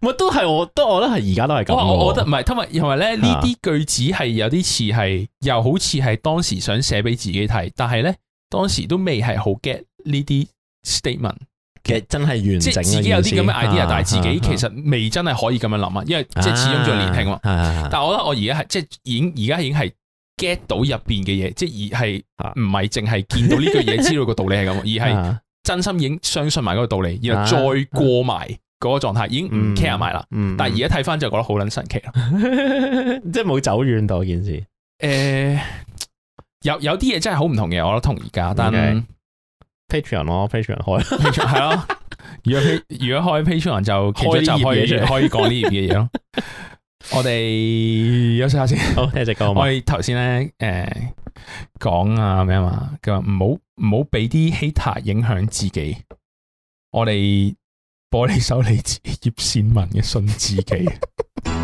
都我都係我都、哦、我咧係而家都係咁。我覺得唔係，同埋因為咧呢啲句子係有啲似係又好似係當時想寫俾自己睇，但係咧當時都未係好 get 呢啲 statement。真係完成，即係自己有啲咁嘅 idea，但係自己其實未真係可以咁樣諗啊，因為即係始終仲年輕嘛。但係我覺得我而家係即係已而家已經係 get 到入邊嘅嘢，即係而係唔係淨係見到呢句嘢知道個道理係咁，而係真心已經相信埋嗰個道理，然後再過埋嗰個狀態，已經唔 care 埋啦。但係而家睇翻就覺得好捻神奇，即係冇走遠到件事。誒，有有啲嘢真係好唔同嘅，我覺得同而家，但係。Patreon 咯，哦，Patreon 開，係 咯。 如果 P 如果開 Patreon 就開啲業嘅嘢，可以講呢業嘅嘢咯。我哋休息下先，好聽隻歌嘛。喂，頭先咧，誒講啊咩啊嘛，佢話唔好唔好俾啲 hater 影響自己。我哋播呢首葉蒨文嘅信自己。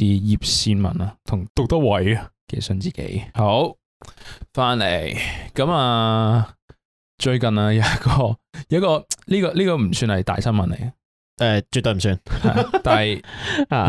是葉蒨文啊，同杜德偉啊寄信自己》好翻嚟咁啊！最近啊，有一個有一個呢個呢個唔算係大新聞嚟。誒、呃，絕對唔算， 但係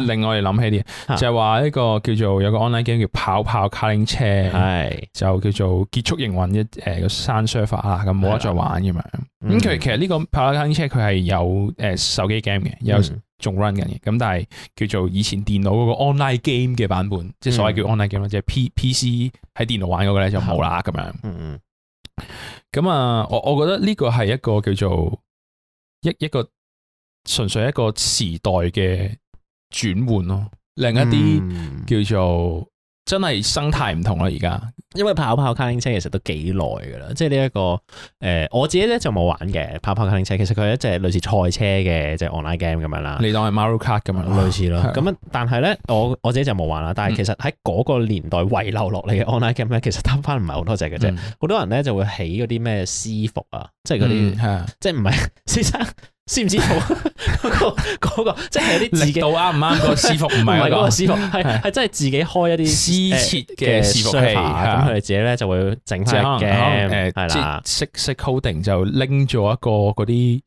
另外嚟諗起啲，啊、就係話一個叫做有個 online game 叫跑跑卡丁車，係是就叫做結束營運，呃、一誒個刪 server 啦，咁冇得再玩咁樣。咁其的、嗯、其實呢個跑跑卡丁車佢係有誒手機 game 嘅，有仲 run 緊嘅，咁、嗯、但係叫做以前電腦嗰個 online game 嘅版本，嗯、即係所謂叫 online game 即係 P P C 喺電腦玩嗰個咧就冇啦咁樣。咁、嗯嗯、啊，我我覺得呢個係一個叫做一個一,一個。純粹一個時代嘅轉換咯，另一啲叫做真係生態唔同啦而家，因為跑跑卡丁車其實都幾耐噶啦，即係呢一個誒、呃，我自己咧就冇玩嘅跑跑卡丁車，其實佢係一隻類似賽車嘅即係 online game 咁樣啦，你當係 Mario Kart 咁樣、嗯、哇類似咯，咁的、嗯、但係咧我我自己就冇玩啦，但係其實喺嗰個年代遺留落嚟嘅 online game 咧，其實得翻唔係好多隻嘅啫。好、嗯、多人咧就會起嗰啲咩私服啊，即係嗰啲，即係唔係，其實的。 知唔知道嗰個個 即係啲自己啱唔啱？ 合合嗰個私服唔係嗰個私服，係係 真係自己開一啲私設嘅私服咁，佢哋自己咧就會整出 game 係啦，即係識識 coding 就拎咗一個嗰啲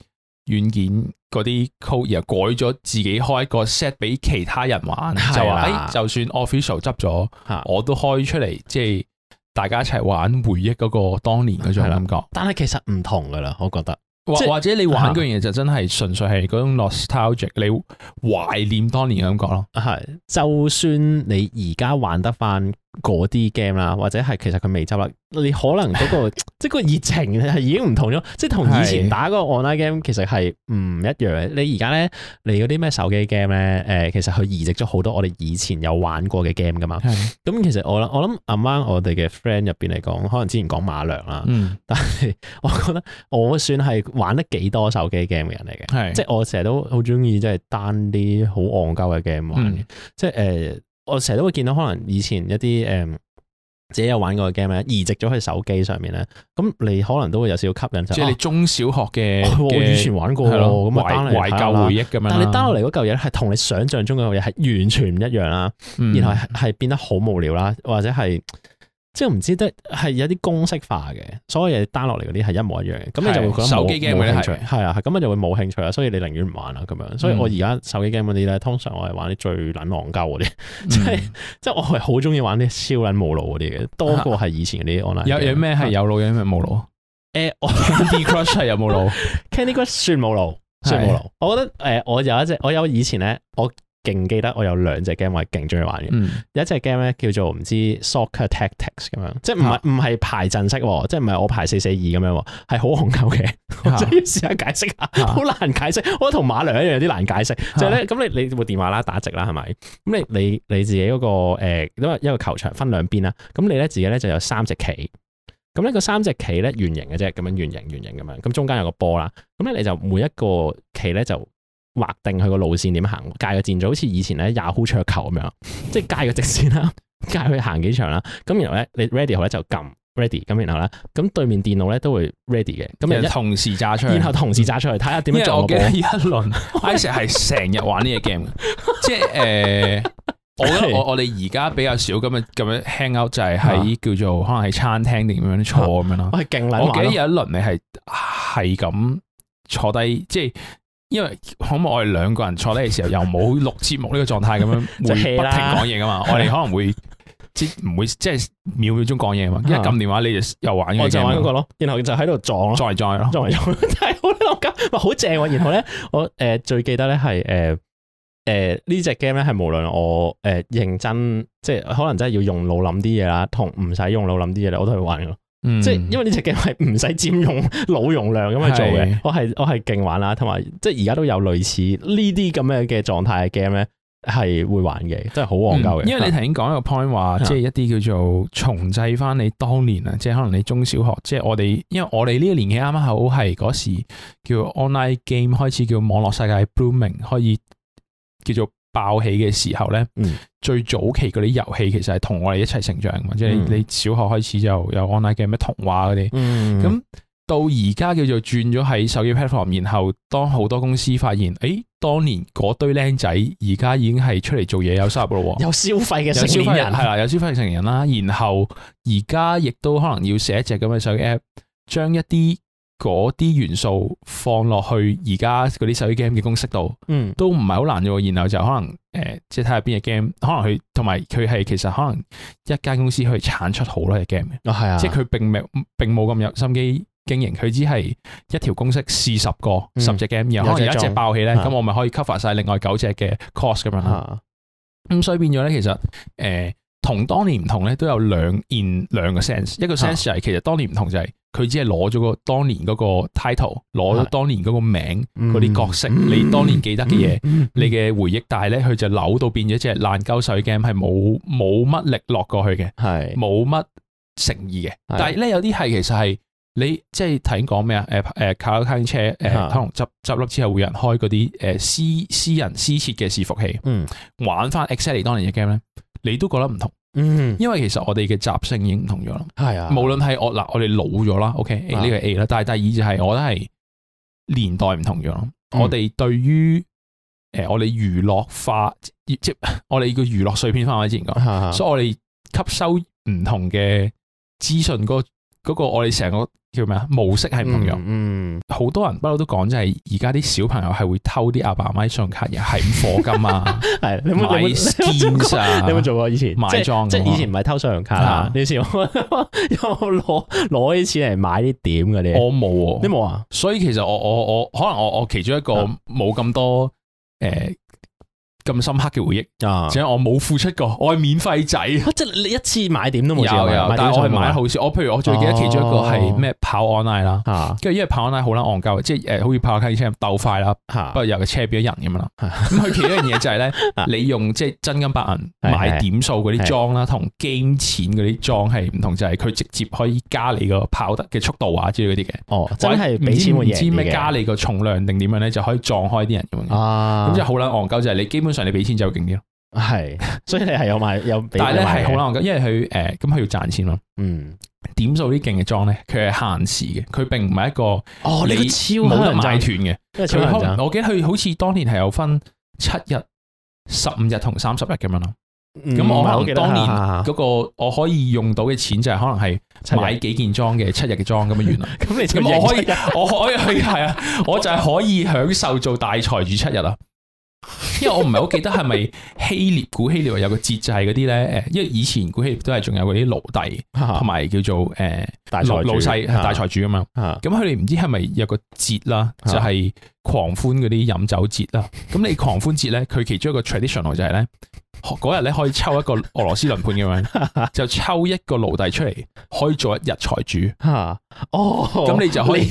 軟件嗰啲 code 而改咗自己開一個 set 俾其他人玩，就話就算 official 執咗，我都開出嚟，即係大家一齊玩回憶嗰個當年嗰種感覺。但係其實唔同噶啦，我覺得。或，或者你玩嗰樣嘢就真係純粹係嗰種 nostalgic，嗯，你懷念當年嘅感覺咯，係，就算你而家玩得返。嗰啲 game 啦，或者係其實佢未執啦，你可能嗰、嗰個 即係個熱情係已經唔同咗，即係同以前打嗰個 online game 其實係唔一樣。你而家咧嚟嗰啲咩手機 game 咧，誒、呃，其實佢移植咗好多我哋以前有玩過嘅 game 噶嘛。咁是其實我諗我諗啱啱我哋嘅 friend 入邊嚟講，可能之前講馬良啦，嗯、但係我覺得我算係玩得幾多手機 game 嘅人嚟嘅，是即係我成日都好中意即係單啲好戇鳩嘅 game 玩嘅，即係誒。我成日都會見到，可能以前一啲誒、嗯，自己有玩過嘅 game 咧，移植咗喺手機上面咧，咁你可能都會有少少吸引，就即係你中小學嘅我、啊哦、以前玩過，咁啊翻嚟懷舊回憶咁樣。但係你 down 落嚟嗰嚿嘢，係同你想象中嘅嘢係完全唔一樣啦，嗯、然後係係變得好無聊啦，或者係。即係唔知得係有啲公式化嘅，所有嘢 download 嚟，嗰啲係一模一樣嘅，咁是你就會覺得冇冇興趣。係啊，係咁啊，就會冇興趣啦。所以你寧願唔玩啦咁樣。所以我而家手機 game 嗰啲咧，通常我係玩啲最撚憨鳩嗰啲，即係即係我係好中意玩啲超撚無腦嗰啲嘅，多過係以前嗰啲。有有咩係有腦， 有咩冇腦？誒，Candy Crush 係有冇腦？Candy Crush 算冇腦，算冇腦。是我覺得誒、呃，我有一隻，我有以前咧，我。勁記得我有兩隻 game，我係勁中意玩嘅。嗯、有一隻 game 咧，叫做唔知 Soccer Tactics 咁樣，即係唔係唔係排陣式，即係唔係我排四四二咁樣，係好紅球嘅。啊、 我要試下解釋下，好難解釋。啊、我同馬良一樣有啲難解釋。啊、就係咧，咁你你部電話啦，打直啦，係咪？咁你你你自己嗰、嗰個誒，因、呃、為一個球場分兩邊啦，咁你咧自己咧就有三隻棋。咁呢個三隻棋咧，圓形嘅啫，咁樣圓形、圓形咁樣，咁中間有個波啦。咁咧你就每一個棋咧就。劃定佢個路線點行，界個箭就好似以前咧 Yahoo 桌球咁樣，即係界個直線啦，界去行幾長啦。咁然後咧，你 ready 好咧就撳 ready，咁然後咧，咁對面電腦咧都會 ready 嘅。咁然，然後同時炸出去，然後同時炸出嚟睇下點樣做。我記得呢一輪，Ish 係成日玩呢個 game 嘅， 即係誒、呃，我我我哋而家比較少咁嘅咁樣 hang out，就係喺叫做可能喺餐廳定咁樣坐咁、啊、樣啦。我係勁卵，我記得有一輪你係係咁坐低，即、啊、係。啊啊啊因為可唔可以我哋兩個人坐低嘅時候又冇錄節目呢個狀態咁樣，就不停講嘢噶嘛？ 去我哋可能會即係唔會即係秒秒鐘講嘢嘛？因為撳電話你就又玩， 我就玩嗰個咯。然後就喺度撞咯，撞嚟撞去咯，撞嚟撞去。但係好樂嘉，咪好正。然後咧，我誒最記得咧係誒誒呢隻 game 咧係無論我誒認真，即係可能真係要用腦諗啲嘢啦，同唔使用腦諗啲嘢咧，我都去玩嗯、即係因為呢隻 game 係唔使佔用腦容量咁去做嘅是，我係我係勁玩啦，同埋即係而家都有類似呢啲咁樣嘅狀態嘅 game 係會玩嘅，嗯、真係好戇鳩嘅。因為你頭先講一個 point 話，嗯、即係一啲叫做重製翻你當年啊，嗯、即係可能你中小學，即係我哋，因為我哋呢個年紀啱啱好係嗰時叫 online game 開始叫網絡世界 blooming 可以叫做爆起嘅時候咧。嗯最早期嗰啲遊戲其實係同我哋一齊成長嘅嘛，嗯、即係你小學開始就有 online game 咩童話嗰啲，咁、嗯、到而家叫做轉咗喺手機 platform，然後當好多公司發現，誒、欸，當年嗰堆靚仔而家已經係出嚟做嘢有收入咯，有消費嘅成年人係啦，有消費嘅成年人啦，然後而家亦都可能要寫一隻咁嘅手機 app，將一啲嗰啲元素放落去而家嗰啲手機 game 嘅公式度，嗯，都唔係好難啫。然後就可能，誒、呃，即係睇下邊隻 game，可能佢同埋佢係其實可能一間公司去產出好多隻 game、哦、啊，係啊，即係佢並未並冇咁有心機經營，佢只係一條公式四十個十隻 game，然後可能有一隻爆起咧，咁、嗯嗯、我咪可以 cover 晒另外九隻嘅 cost 咁樣咯。咁、嗯、所以變咗咧，其實誒。呃同當年唔同咧，都有兩件兩個 sense。一個 sense 就係其實當年唔同就係佢只係攞咗個當年嗰個 title，攞咗當年嗰個名嗰啲角色，嗯、你當年記得嘅嘢，嗯嗯你嘅回憶呢。但係咧，佢就扭到變咗是的，即係爛鳩水 game，係冇冇乜力落過去嘅，冇乜誠意嘅。但係咧，有啲係其實係你即係頭先講咩啊？誒誒，卡卡車誒，可能執執笠之後會有人開嗰啲誒私私人私設嘅伺服器，玩翻 exactly 當年嘅 game 咧。你都覺得唔同，嗯，因為其實我哋嘅習性已經唔同咗啦。係啊，無論係我嗱，我哋老咗啦 OK 呢個 A 啦。但係第二就係，我覺得係年代唔同咗，啊呃，我哋對於誒我哋娛樂化，即即我哋叫娛樂碎片化啦。之前講，啊、所以我哋吸收唔同嘅資訊，嗰個，嗰、嗰、嗰個我哋成個。叫咩啊？模式係朋友。嗯，好多人不嬲都講，就係而家啲小朋友係會偷啲阿爸阿媽信用卡嘅。係咁課金啊，係， 你有冇做？買 你冇、啊、做過以前買件裝？即係以前唔係偷信用卡，啊？啊你前我又攞攞啲錢嚟買啲點嘅你？我冇，你冇啊？啊所以其實我我我，我可能我我其中一個冇咁多誒。呃咁深刻嘅回憶，即係我冇付出過，我係免費仔，即係你一次買點都冇。有有，但係我係買好少。我譬如我最記得其中一個係咩跑 online 啦，跟住因為跑 online 好撚戇鳩，即係誒，好似跑下卡車鬥快啦，不過由個車畀咗人咁啦。咁佢其中一樣嘢就係咧，你用即係真金白銀買點數嗰啲裝啦，同 game 錢嗰啲裝係唔同，就係佢直接可以加你個跑得嘅速度啊之類嗰啲嘅。哦，真係唔知唔知咩加你個重量定點樣咧，就可以撞開啲人咁樣。咁即係好撚戇鳩，就係你基本。常你俾錢就勁啲咯，係，所以你係有買有俾，但係咧係好難噶，因為佢誒，咁佢要賺錢咯。嗯，點數啲勁嘅裝咧，佢係限時嘅，佢並唔係一個哦，你冇得買斷嘅。我記得佢好似當年係有分七日、十五日同三十日咁樣咯。咁我當年嗰個我可以用到嘅錢就係可能係買幾件裝嘅七日嘅裝咁樣原啦。咁你我可以，我可以去係啊，我就係可以享受做大財主七日啊。 因為我唔係好記得係咪希臘古希臘有個節制係嗰啲咧，誒，因為以前古希臘都係仲有嗰啲奴隸，同埋叫做誒、呃、大財老老細、啊、大財主啊嘛，咁佢哋唔知係咪有個節啦，啊、就係狂歡嗰啲飲酒節啦，咁、啊、你狂歡節咧，佢其中一個 traditional 就係、是、咧。嗰日咧可以抽一個俄羅斯輪盤咁樣， 就抽一個奴隸出嚟，可以做一日財主。 哦，咁你就可以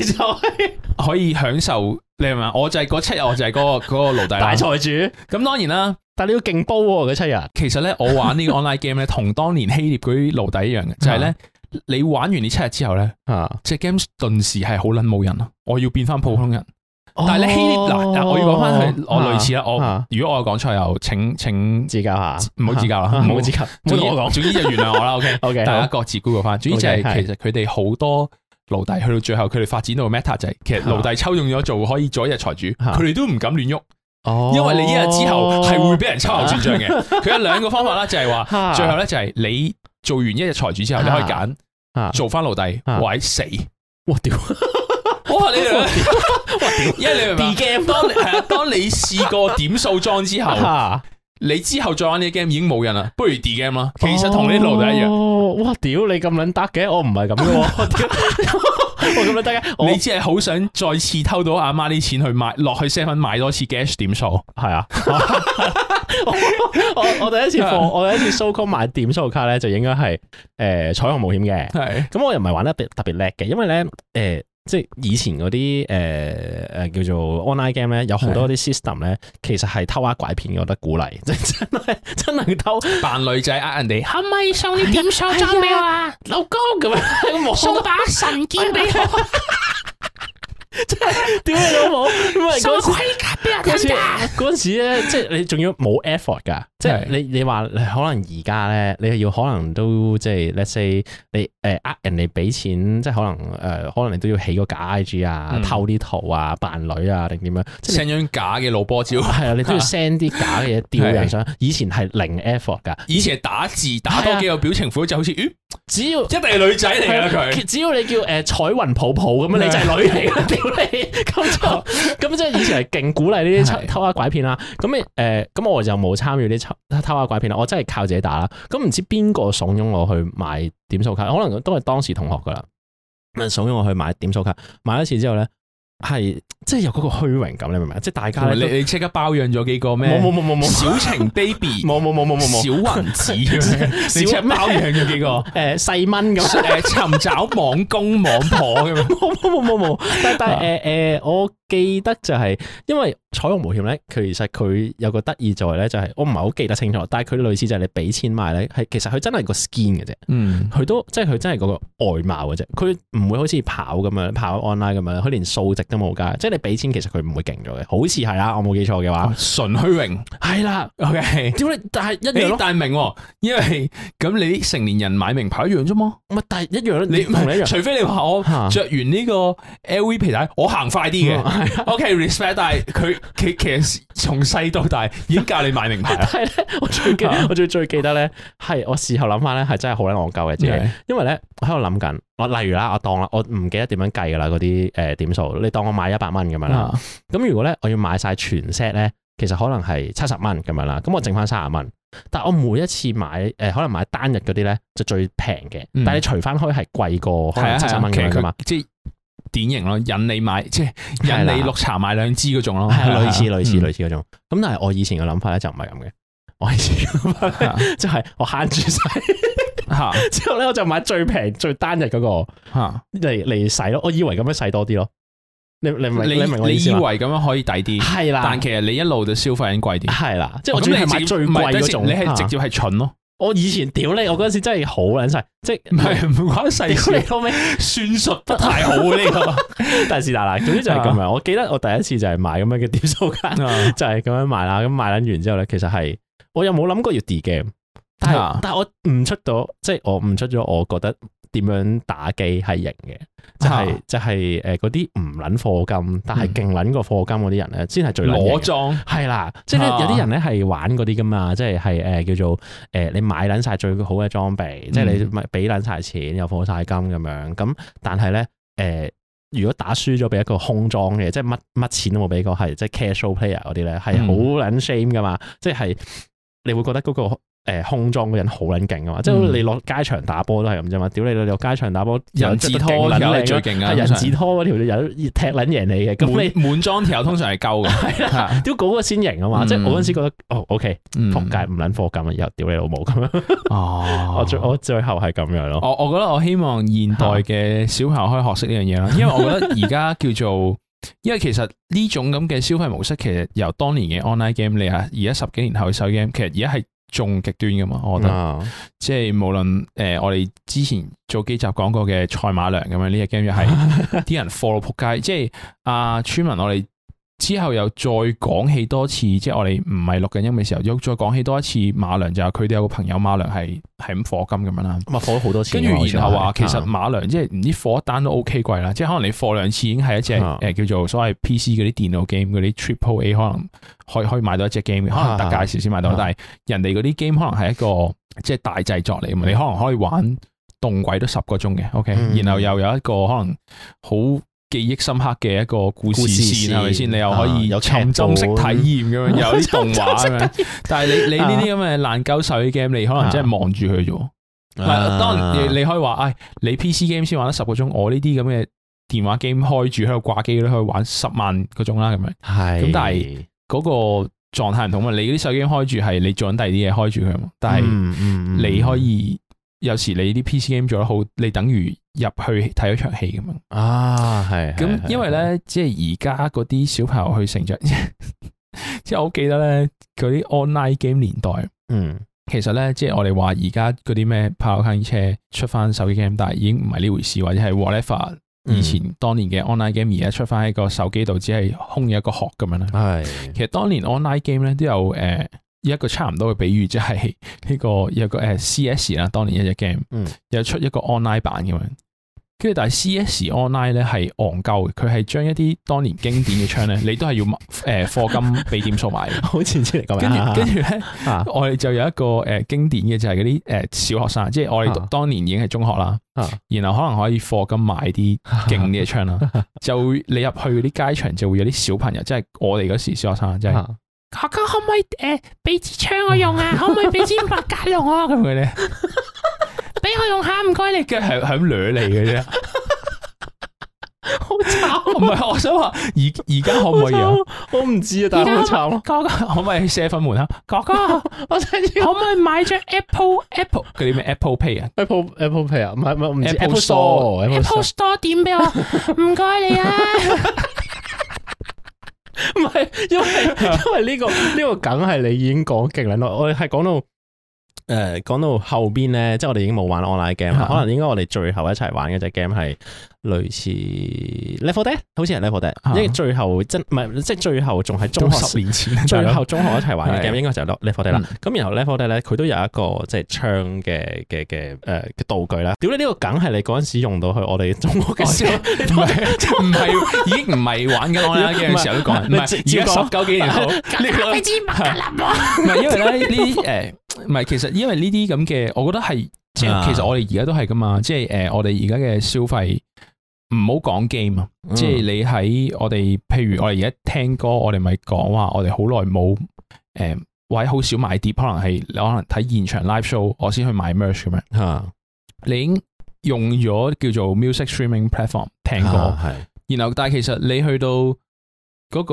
可以享受。你明唔明？我就係、是、嗰七日，我就係嗰個個奴隸大財主。咁當然啦，但係你要勁煲喎，嗰七日。其實咧，我玩呢個 online game 咧，同當年希臘嗰啲奴隸一樣嘅，就係、是、咧， 你玩完呢七日之後咧，啊，隻 game 頓時係好撚冇人咯，我要變返普通人，人。但係你希嗱，我可以講翻佢，我類似啦。我如果我有講錯又請請指教下，唔好指教啦，唔好指教。唔好總之就原諒我啦。O K O K。大家各自 Google 翻。總之就係其實佢哋好多奴隸去到最後，佢哋發展到個 meta 就係，其實奴隸抽中咗做可以做一日財主，佢哋都唔敢亂喐。哦，因為你一日之後係會俾人抽後轉賬嘅。佢有兩個方法啦，就係話最後咧就係你做完一日財主之後，你可以揀做翻奴隸，或者死。哇屌。哇！你，因為你，當係啊，當你試過點數裝之後，你之後再玩呢個 game 已經冇人啦。不如 D game 啊，其實同呢路就一樣。哇！屌，你咁撚得嘅，我唔係咁嘅。我咁撚得嘅，你只係好想再次偷到阿媽啲錢去買落去 seven 買多次 gash 點數，係啊。我我第一次放，我第一次 so call 買點數卡咧，就應該係誒彩虹冒險嘅。係咁，我又唔係玩得特別叻嘅，因為咧誒。即係以前嗰啲誒誒叫做 online game 咧的，有好多啲 system 咧，其實係偷啊拐騙，有得鼓勵，真係真係偷扮女仔呃人哋，係咪想你點數裝俾我啊？哎，老公咁啊， 送把神劍俾我。 即係屌你老母！唔係嗰時，嗰時咧，即係你仲要冇 effort 噶，即係你你話可能而家咧，你要可能都即係，let's say 你誒呃人哋俾錢，即係可能誒，可能你都要起個假 IG 啊，偷啲圖啊，扮女啊定點樣？即 send 張假嘅裸波照，係啊，你都要 send 啲假嘅吊人相。以前係零 effort 噶，以前係打字打多幾個表情符就好似，咦，只要一定係女仔嚟噶佢，只要你叫誒彩雲抱抱咁樣，你就係女嚟。咁 就咁即係以前係勁鼓勵呢啲偷下 拐騙啦，咁誒，咁、呃、我就冇參與啲偷偷啊拐騙啦，我真係靠自己打啦。咁唔知邊個慫恿我去買點數卡，可能都係當時同學㗎啦，慫 恿我去買點數卡，買一次之後咧。係，即係有嗰個虛榮感，你明唔明啊？即係大家你你即刻包養咗幾個咩？冇冇冇冇冇，小情 baby，冇冇冇冇冇，麼小云子，你即刻包養咗幾個？誒細、呃、蚊咁，誒尋找網公網婆咁。冇冇冇冇冇，但但誒誒、呃 呃，我記得就係、是、因為彩虹冒險咧，其實佢有個得意在咧，就係我唔係好記得清楚，但係佢類似就係你俾錢買咧，係其實佢真係個 skin 嘅啫，佢都即係佢真係嗰個外貌嘅啫，佢唔會好似跑咁樣跑 online 咁樣，佢連數值。都冇噶，即係你俾錢，其實佢唔會勁咗嘅，好似係啊。我冇記錯嘅話，純虛榮係啦。OK，點解？但係一樣但明，因為咁你啲成年人買名牌一樣啫嘛。唔係，但係一樣咯，你除非你話我着完呢個 LV 皮帶，我行快啲嘅。OK，respect，但係佢佢其實從細到大已經教你買名牌啦。係咧，我最記，我最最記得咧，係我事後諗翻咧，係真係好撚戇鳩嘅自己，因為咧，我喺度諗緊。我例如啦，我當啦，我唔記得點樣計噶啦，嗰啲誒點數，你當我買一百蚊咁樣啦，咁、嗯、如果咧我要買晒全 set 咧，其實可能係七十蚊咁樣啦，咁我剩翻三十蚊，但係我每一次買誒、呃，可能買單日嗰啲咧就最平嘅，嗯、但係除翻開係貴過，七十蚊嘅，樣、啊啊嗯、即係典型咯，引你買，即係引你綠茶買兩支嗰種咯，係、啊啊、類似類似、嗯、類似嗰種，咁但係我以前嘅諗法咧就唔係咁嘅，我以前諗法即係我慳住晒。 之後咧，我就買最平最單日嗰、那個嚟嚟使咯。我以為咁樣使多啲咯。你你，你明你明你以為咁樣可以抵啲，係啦的。但其實你一路就消費緊貴啲，係啦的。即係我主要係買最貴嗰種，你係直接係蠢咯、啊。我以前屌你，我嗰陣時真係好捻細，即係唔係唔關細事，屌你老味算術不太好呢、 這個，但係是但啦。總之就係咁樣。的我記得我第一次就係買咁樣嘅點數卡，的就係咁樣買啦。咁買捻完之後咧，其實係我又冇諗過要 d i game。但係，我悟出咗，即係我悟出咗。我覺得點樣打機係型嘅，就係就係誒嗰啲唔捻課金，嗯、但係勁捻過課金嗰啲人咧，先係最攞裝，係啦。即係有啲人咧係玩嗰啲噶嘛，啊、即係係誒叫做誒、呃、你買捻晒最好嘅裝備，嗯、即係你咪俾捻晒錢又課晒金，咁樣。咁但係咧誒，如果打輸咗俾一個空裝嘅，即係乜乜錢都冇俾過，係即係 casual player 嗰啲咧，係好捻 shame 噶嘛。即係、嗯、你會覺得、那個。誒，空裝嘅人好撚勁啊嘛，即係你落街場打波都係咁啫嘛，屌你你落街場打波，人字拖最勁，啊！人字拖嗰條人踢撚贏你嘅，咁你滿裝條通常係夠嘅，係啦，屌嗰個先型啊嘛，即係我嗰陣時覺得，哦，OK，仆街唔撚貨咁啊，又屌你老母咁樣，哦，我最我最後係咁樣咯，我我覺得我希望現代嘅小朋友可以學識呢樣嘢啦，因為我覺得而家叫做，因為其實呢種咁嘅消費模式，其實由當年嘅 online game 嚟啊，而家十幾年後嘅手遊 game，其實而家係。仲極端嘅嘛，我覺得 No. 即係無論誒、呃、我哋之前早幾集講過嘅賽馬娘咁樣呢隻 game 又係啲人 follow 仆街，即係啊村民，我哋。之後又再講起多次，即係我哋唔係錄緊音嘅時候，又再講起多一次，馬良就話佢哋有個朋友馬良係係咁課金咁樣啦，咁咪課咗好多次。跟住然後話其實馬良、嗯、即係唔知課一單都 O K 貴啦，即係可能你課兩次已經係一隻誒、嗯呃、叫做所謂 P C 嗰啲電腦 game 嗰啲 Triple A 可能可以可以買到一隻 game，可能特價時先買到，嗯嗯、但係人哋嗰啲 game 可能係一個即係大製作嚟嘅嘛，你可能可以玩動鬼都十個鐘嘅，O K，然後又有一個可能好。記憶深刻嘅一個故事線係咪先？你又可以有沉浸式體驗咁樣，有啲動畫 但係你、啊、你呢啲咁嘅爛狗手機 game，你可能真係望住佢啫。唔係、啊，當然你可以話，哎，你 PC game 先玩得十個鐘，我呢啲咁嘅電話 game 開住喺度掛機可以玩十萬個鐘啦咁樣。係咁是，但係嗰個狀態唔同啊，你啲手機開住係你做緊第二啲嘢開住佢，但係你可以。有時你啲 PC game 做得好，你等於入去睇一場戲咁樣。啊，係。咁因為咧，是是是即係而家嗰啲小朋友去成長， 即係我記得咧，嗰啲 online game 年代，嗯，其實咧，即係我哋話而家嗰啲咩炮坑車出翻手機 game，但係已經唔係呢回事，或者係 whatever。以前當年嘅 online game 而家出翻喺個手機度，只係空一個殼咁樣啦。係。嗯、其實當年 online game 咧都有誒。呃一個差唔多嘅比喻，即係呢個有一個誒 C.S 啦，當年一隻 game 又出一個 online 版，咁樣，跟住但係 C.S online 咧係戇鳩，佢係將一啲當年經典嘅槍咧，你都係要誒課金俾點數買， 好似之前咁樣。跟住咧，呢啊，我哋就有一個誒經典嘅就係嗰啲誒小學生，即、就、係、是、我哋當年已經係中學啦，啊，然後可能可以課金買啲勁啲嘅槍啦，啊啊，就你入去嗰啲街場就會有啲小朋友，即、就、係、是、我哋嗰時小學生，即係。哥哥可唔可以誒俾支槍我用啊？可唔可以俾支麥克用啊？咁嘅咧，俾我用下，唔該你。腳係係咁掠你嘅啫，好慘。唔係，我想話而而家可唔可以用啊？我唔知啊，但係好慘咯。哥哥可唔可以卸份門啊？哥哥，我真係可唔可以買張 Apple Apple 嗰啲咩 Apple Pay 啊？Apple Apple Pay 啊？唔係唔係，Apple Store Apple Store 點俾我？唔該你啊。唔係， 因為因為呢、這個呢 個梗係你已經講極撚耐，我哋係講到。誒，講到後邊咧，即係我哋已經冇玩 online game 可能應該我哋最後一齊玩嘅隻 game 係類似 Level Day，好似係 Level Day。因為最後真唔係，即係最後仲喺中學十年前，最後中學一齊玩嘅 game 應該就係 Level Day 啦。咁然後 Level Day 咧，佢都有一個即係槍嘅嘅嘅誒道具啦。屌你呢個梗係你嗰陣時用到去我哋中學嘅時候，唔係已經唔係玩嘅 online game 嘅時候都講，唔係而家十九幾年好。你知乜嘅啦？唔係因為咧呢誒。唔係，其實因為呢啲咁嘅，我覺得係即係，Yeah. 其實我哋而家都係噶嘛，即係誒、呃，我哋而家嘅消費唔好講 game 啊，mm. 即係你喺我哋，譬如我哋而家聽歌，我哋咪講話，我哋好耐冇誒，或者好少買碟，可能係你可能睇現場 live show，我先去買 merch 咁樣。吓，Yeah. 你已經用咗叫做 music streaming platform 聽歌，係，Yeah. Yeah. 然後但係其實你去到嗰、那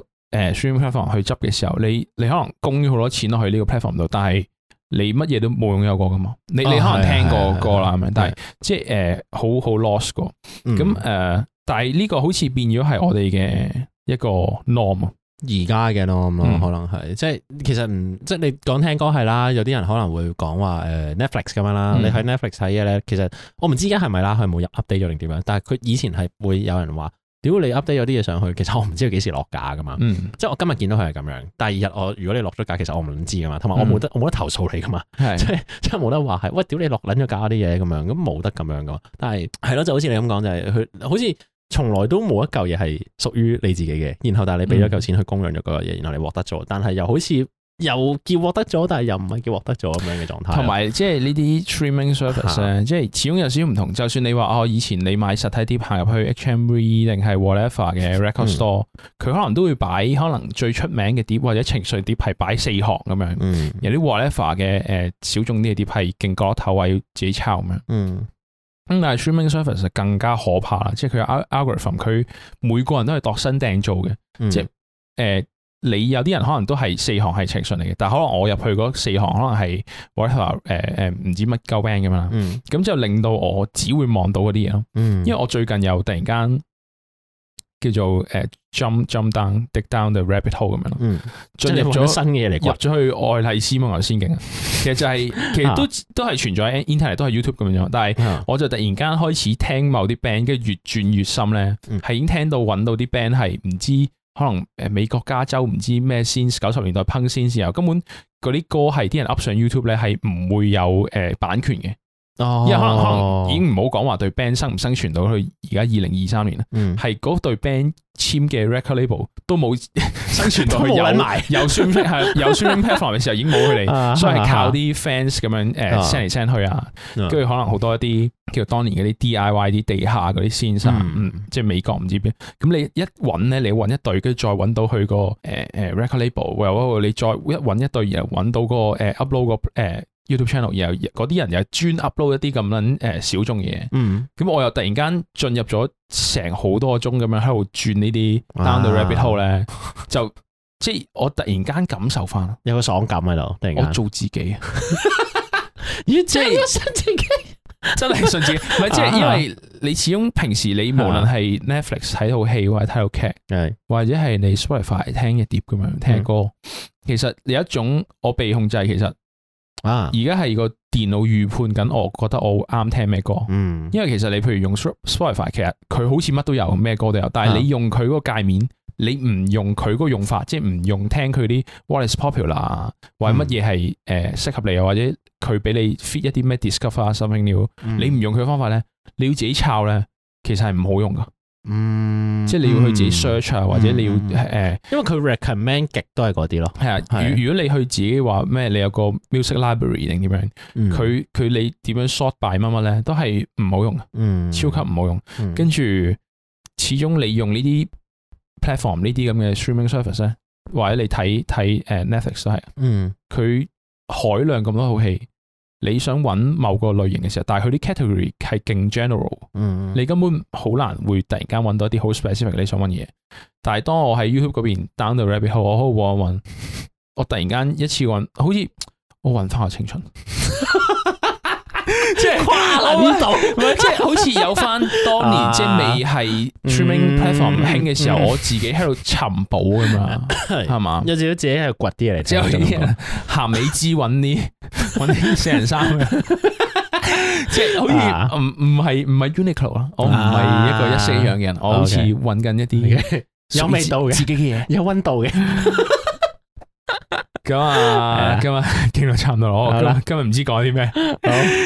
個。誒、呃、Stream platform 去執嘅時候，你你可能供咗好多錢落去呢個 platform 度，但係你乜嘢都冇擁有過嘅嘛。你你可能聽過歌啦，係咪、啊呃嗯呃？但係即係誒好好 lost 過。咁誒，但係呢個好似變咗係我哋嘅一個 norm、嗯。而家嘅 norm、啊、可能係、嗯、即係其實唔即係你講聽歌係啦，有啲人可能會講話誒 Netflix 咁樣啦。嗯、你喺 Netflix 睇嘢咧，其實我唔知而家係咪啦，佢冇入 update 咗定點樣。但係佢以前係會有人話。屌你 update 咗啲嘢上去，其實我唔知佢幾時落價噶嘛，嗯、即係我今日見到佢係咁樣，第二日我如果你落咗價，其實我唔知噶、嗯、嘛，同埋我冇得我冇得投訴你噶嘛，即係即係冇得話係，喂，屌你落撚咗價啲嘢咁樣，咁冇得咁樣噶，但係係咯，就好似你咁講就係、是、佢，好似從來都冇一嚿嘢係屬於你自己嘅，然後但係你俾咗嚿錢去供養咗嗰個嘢，然後你獲得咗，嗯、但係又好似。又叫獲得咗，但係又唔係叫獲得咗咁樣嘅狀態。同埋、就是啊、即係呢啲 streaming service 即係始終有少少唔同。就算你話哦，以前你買實體碟行入去 HMV 定係 whatever 嘅 record store，佢、嗯、可能都會擺可能最出名嘅碟或者情緒碟係擺四行咁樣。有啲、嗯、whatever 嘅誒、呃、小眾啲嘅碟係勁過一頭啊，要自己抄咁樣。嗯，咁但係 streaming service 就更加可怕啦，即係佢有 algorithm，佢每個人都係度身訂造嘅，嗯、即係誒。呃你有啲人可能都係四行係資訊嚟嘅，但係可能我入去嗰四行可能係或者係話誒誒唔知乜鳩 band 咁樣啦，咁、嗯、就令到我只會望到嗰啲嘢咯。嗯、因為我最近又突然間叫做誒、呃、jump jump down, dig down the rabbit hole 咁樣咯，嗯、進入咗新嘢嚟，入咗去愛麗絲摩牛仙境。嗯、其實就係、是、 其實都都係存在喺 internet，都係 YouTube 咁樣啫。但係我就突然間開始聽某啲 band，跟住越轉越深咧，係已經聽到揾到啲 band 係唔知。嗯嗯可能誒美國加州唔知咩先九十年代烹先之後，根本嗰啲歌係啲人 up 上 YouTube 咧，係唔會有誒版權嘅。因為可能可能已經唔好講話，對 band 生唔生存到去而家二零二三年啦，係嗰、嗯、對 band 簽嘅 record label 都冇生存到去，又揾埋又 stream 係又 stream platform 嘅時候已經冇佢哋，啊、所以係靠啲 fans 咁樣誒 send 嚟 send 去啊，跟住、啊、可能好多一啲叫做當年嗰啲 DIY 啲地下嗰啲先生，嗯、即係美國唔知邊，咁你一揾咧，你揾一隊，跟住再揾到佢個誒誒 record label，然後你再一揾一隊，然後揾到嗰個誒、那個 uh, upload 個誒。Uh, YouTube channel，然後嗰啲人又專 upload 一啲咁樣誒小眾嘅嘢，咁我又突然間進入咗成好多鐘咁樣喺度轉呢啲 down the rabbit hole 咧，就即係我突然間感受翻有個爽感喺度，我做自己，咦，即係真係信自己，真係信自己，唔係即係因為你始終平時你無論係 Netflix 睇套戲或者睇套劇，係或者係你 Spotify 聽嘅碟咁樣聽歌，其實有一種我被控制，其實。啊！而家係個電腦預判緊，我覺得我啱聽咩歌。嗯，因為其實你譬如用 Spotify，其實佢好似乜都有，咩歌都有。但係你用佢嗰個界面，嗯、你唔用佢嗰個用法，即係唔用聽佢啲 What is Popular 啊，或者乜嘢係誒適合你，又或者佢俾你 feed 一啲咩 Discover Something New。你唔用佢嘅方法咧，你要自己抄咧，其實係唔好用噶。嗯，即係你要去自己 search 啊，嗯、或者你要誒，因為佢 recommend 極都係嗰啲咯。係啊的，如的如果你去自己話咩，你有個 music library 定點樣，佢佢、嗯、你點樣 sort by 乜乜咧，都係唔好、嗯、好用，嗯，超級唔好用。跟住始終你用呢啲 platform 呢啲咁嘅 streaming service 咧，或者你睇睇誒 Netflix 都係，嗯，佢海量咁多好戲。你想揾某個類型嘅時候，但係佢啲 category 係勁 general，、嗯、你根本好難會突然間揾到一啲好 specific 你想揾嘢。但係當我喺 YouTube 嗰邊 down 到 rabbit hole 好我開始一揾，我突然間一次揾，好似我揾翻下青春。 跨流嗰度，即係好似有翻當年，即係未係 streaming platform 唔興嘅時候，我自己喺度尋寶啊嘛，係嘛，有少少自己喺度掘啲嘢嚟，即啲咸美滋揾啲揾啲死人衫嘅，即係好似，唔唔係唔係 Uniqlo 啊，我唔係一個一式樣嘅人，我好似揾緊一啲嘅有味道嘅自己嘅嘢，有溫度嘅。咁啊， 的今日傾到差唔多咯。今日唔知講啲咩。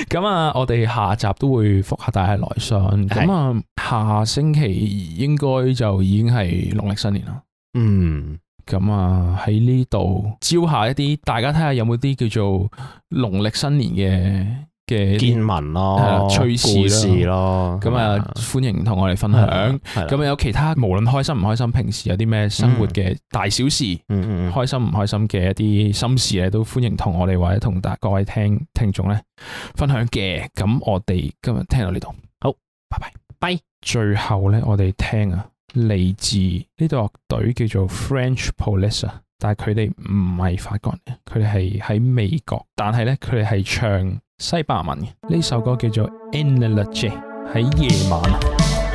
咁好 啊，我哋下集都會復下大家來信。咁的啊，下星期應該就已經係農曆新年啦。嗯，咁啊，喺呢度招下一啲，大家睇下有冇啲叫做農曆新年嘅。嘅的見聞咯，趣事咯，咁啊，歡迎同我哋分享。咁啊，有其他無論開心唔開心，平時有啲咩生活嘅大小事，嗯嗯，開心唔開心嘅一啲心事咧，都歡迎同我哋或者同大各位聽聽眾咧分享嘅。咁我哋今日聽到呢度，好，拜拜，拜。Bye. 最後咧，我哋聽啊，嚟自呢個樂隊叫做 French Police 啊，但係佢哋唔係法國人，佢哋係喺美國，但係咧，佢哋係唱。西班牙文，呢首歌叫做 En La Noche，喺夜晚。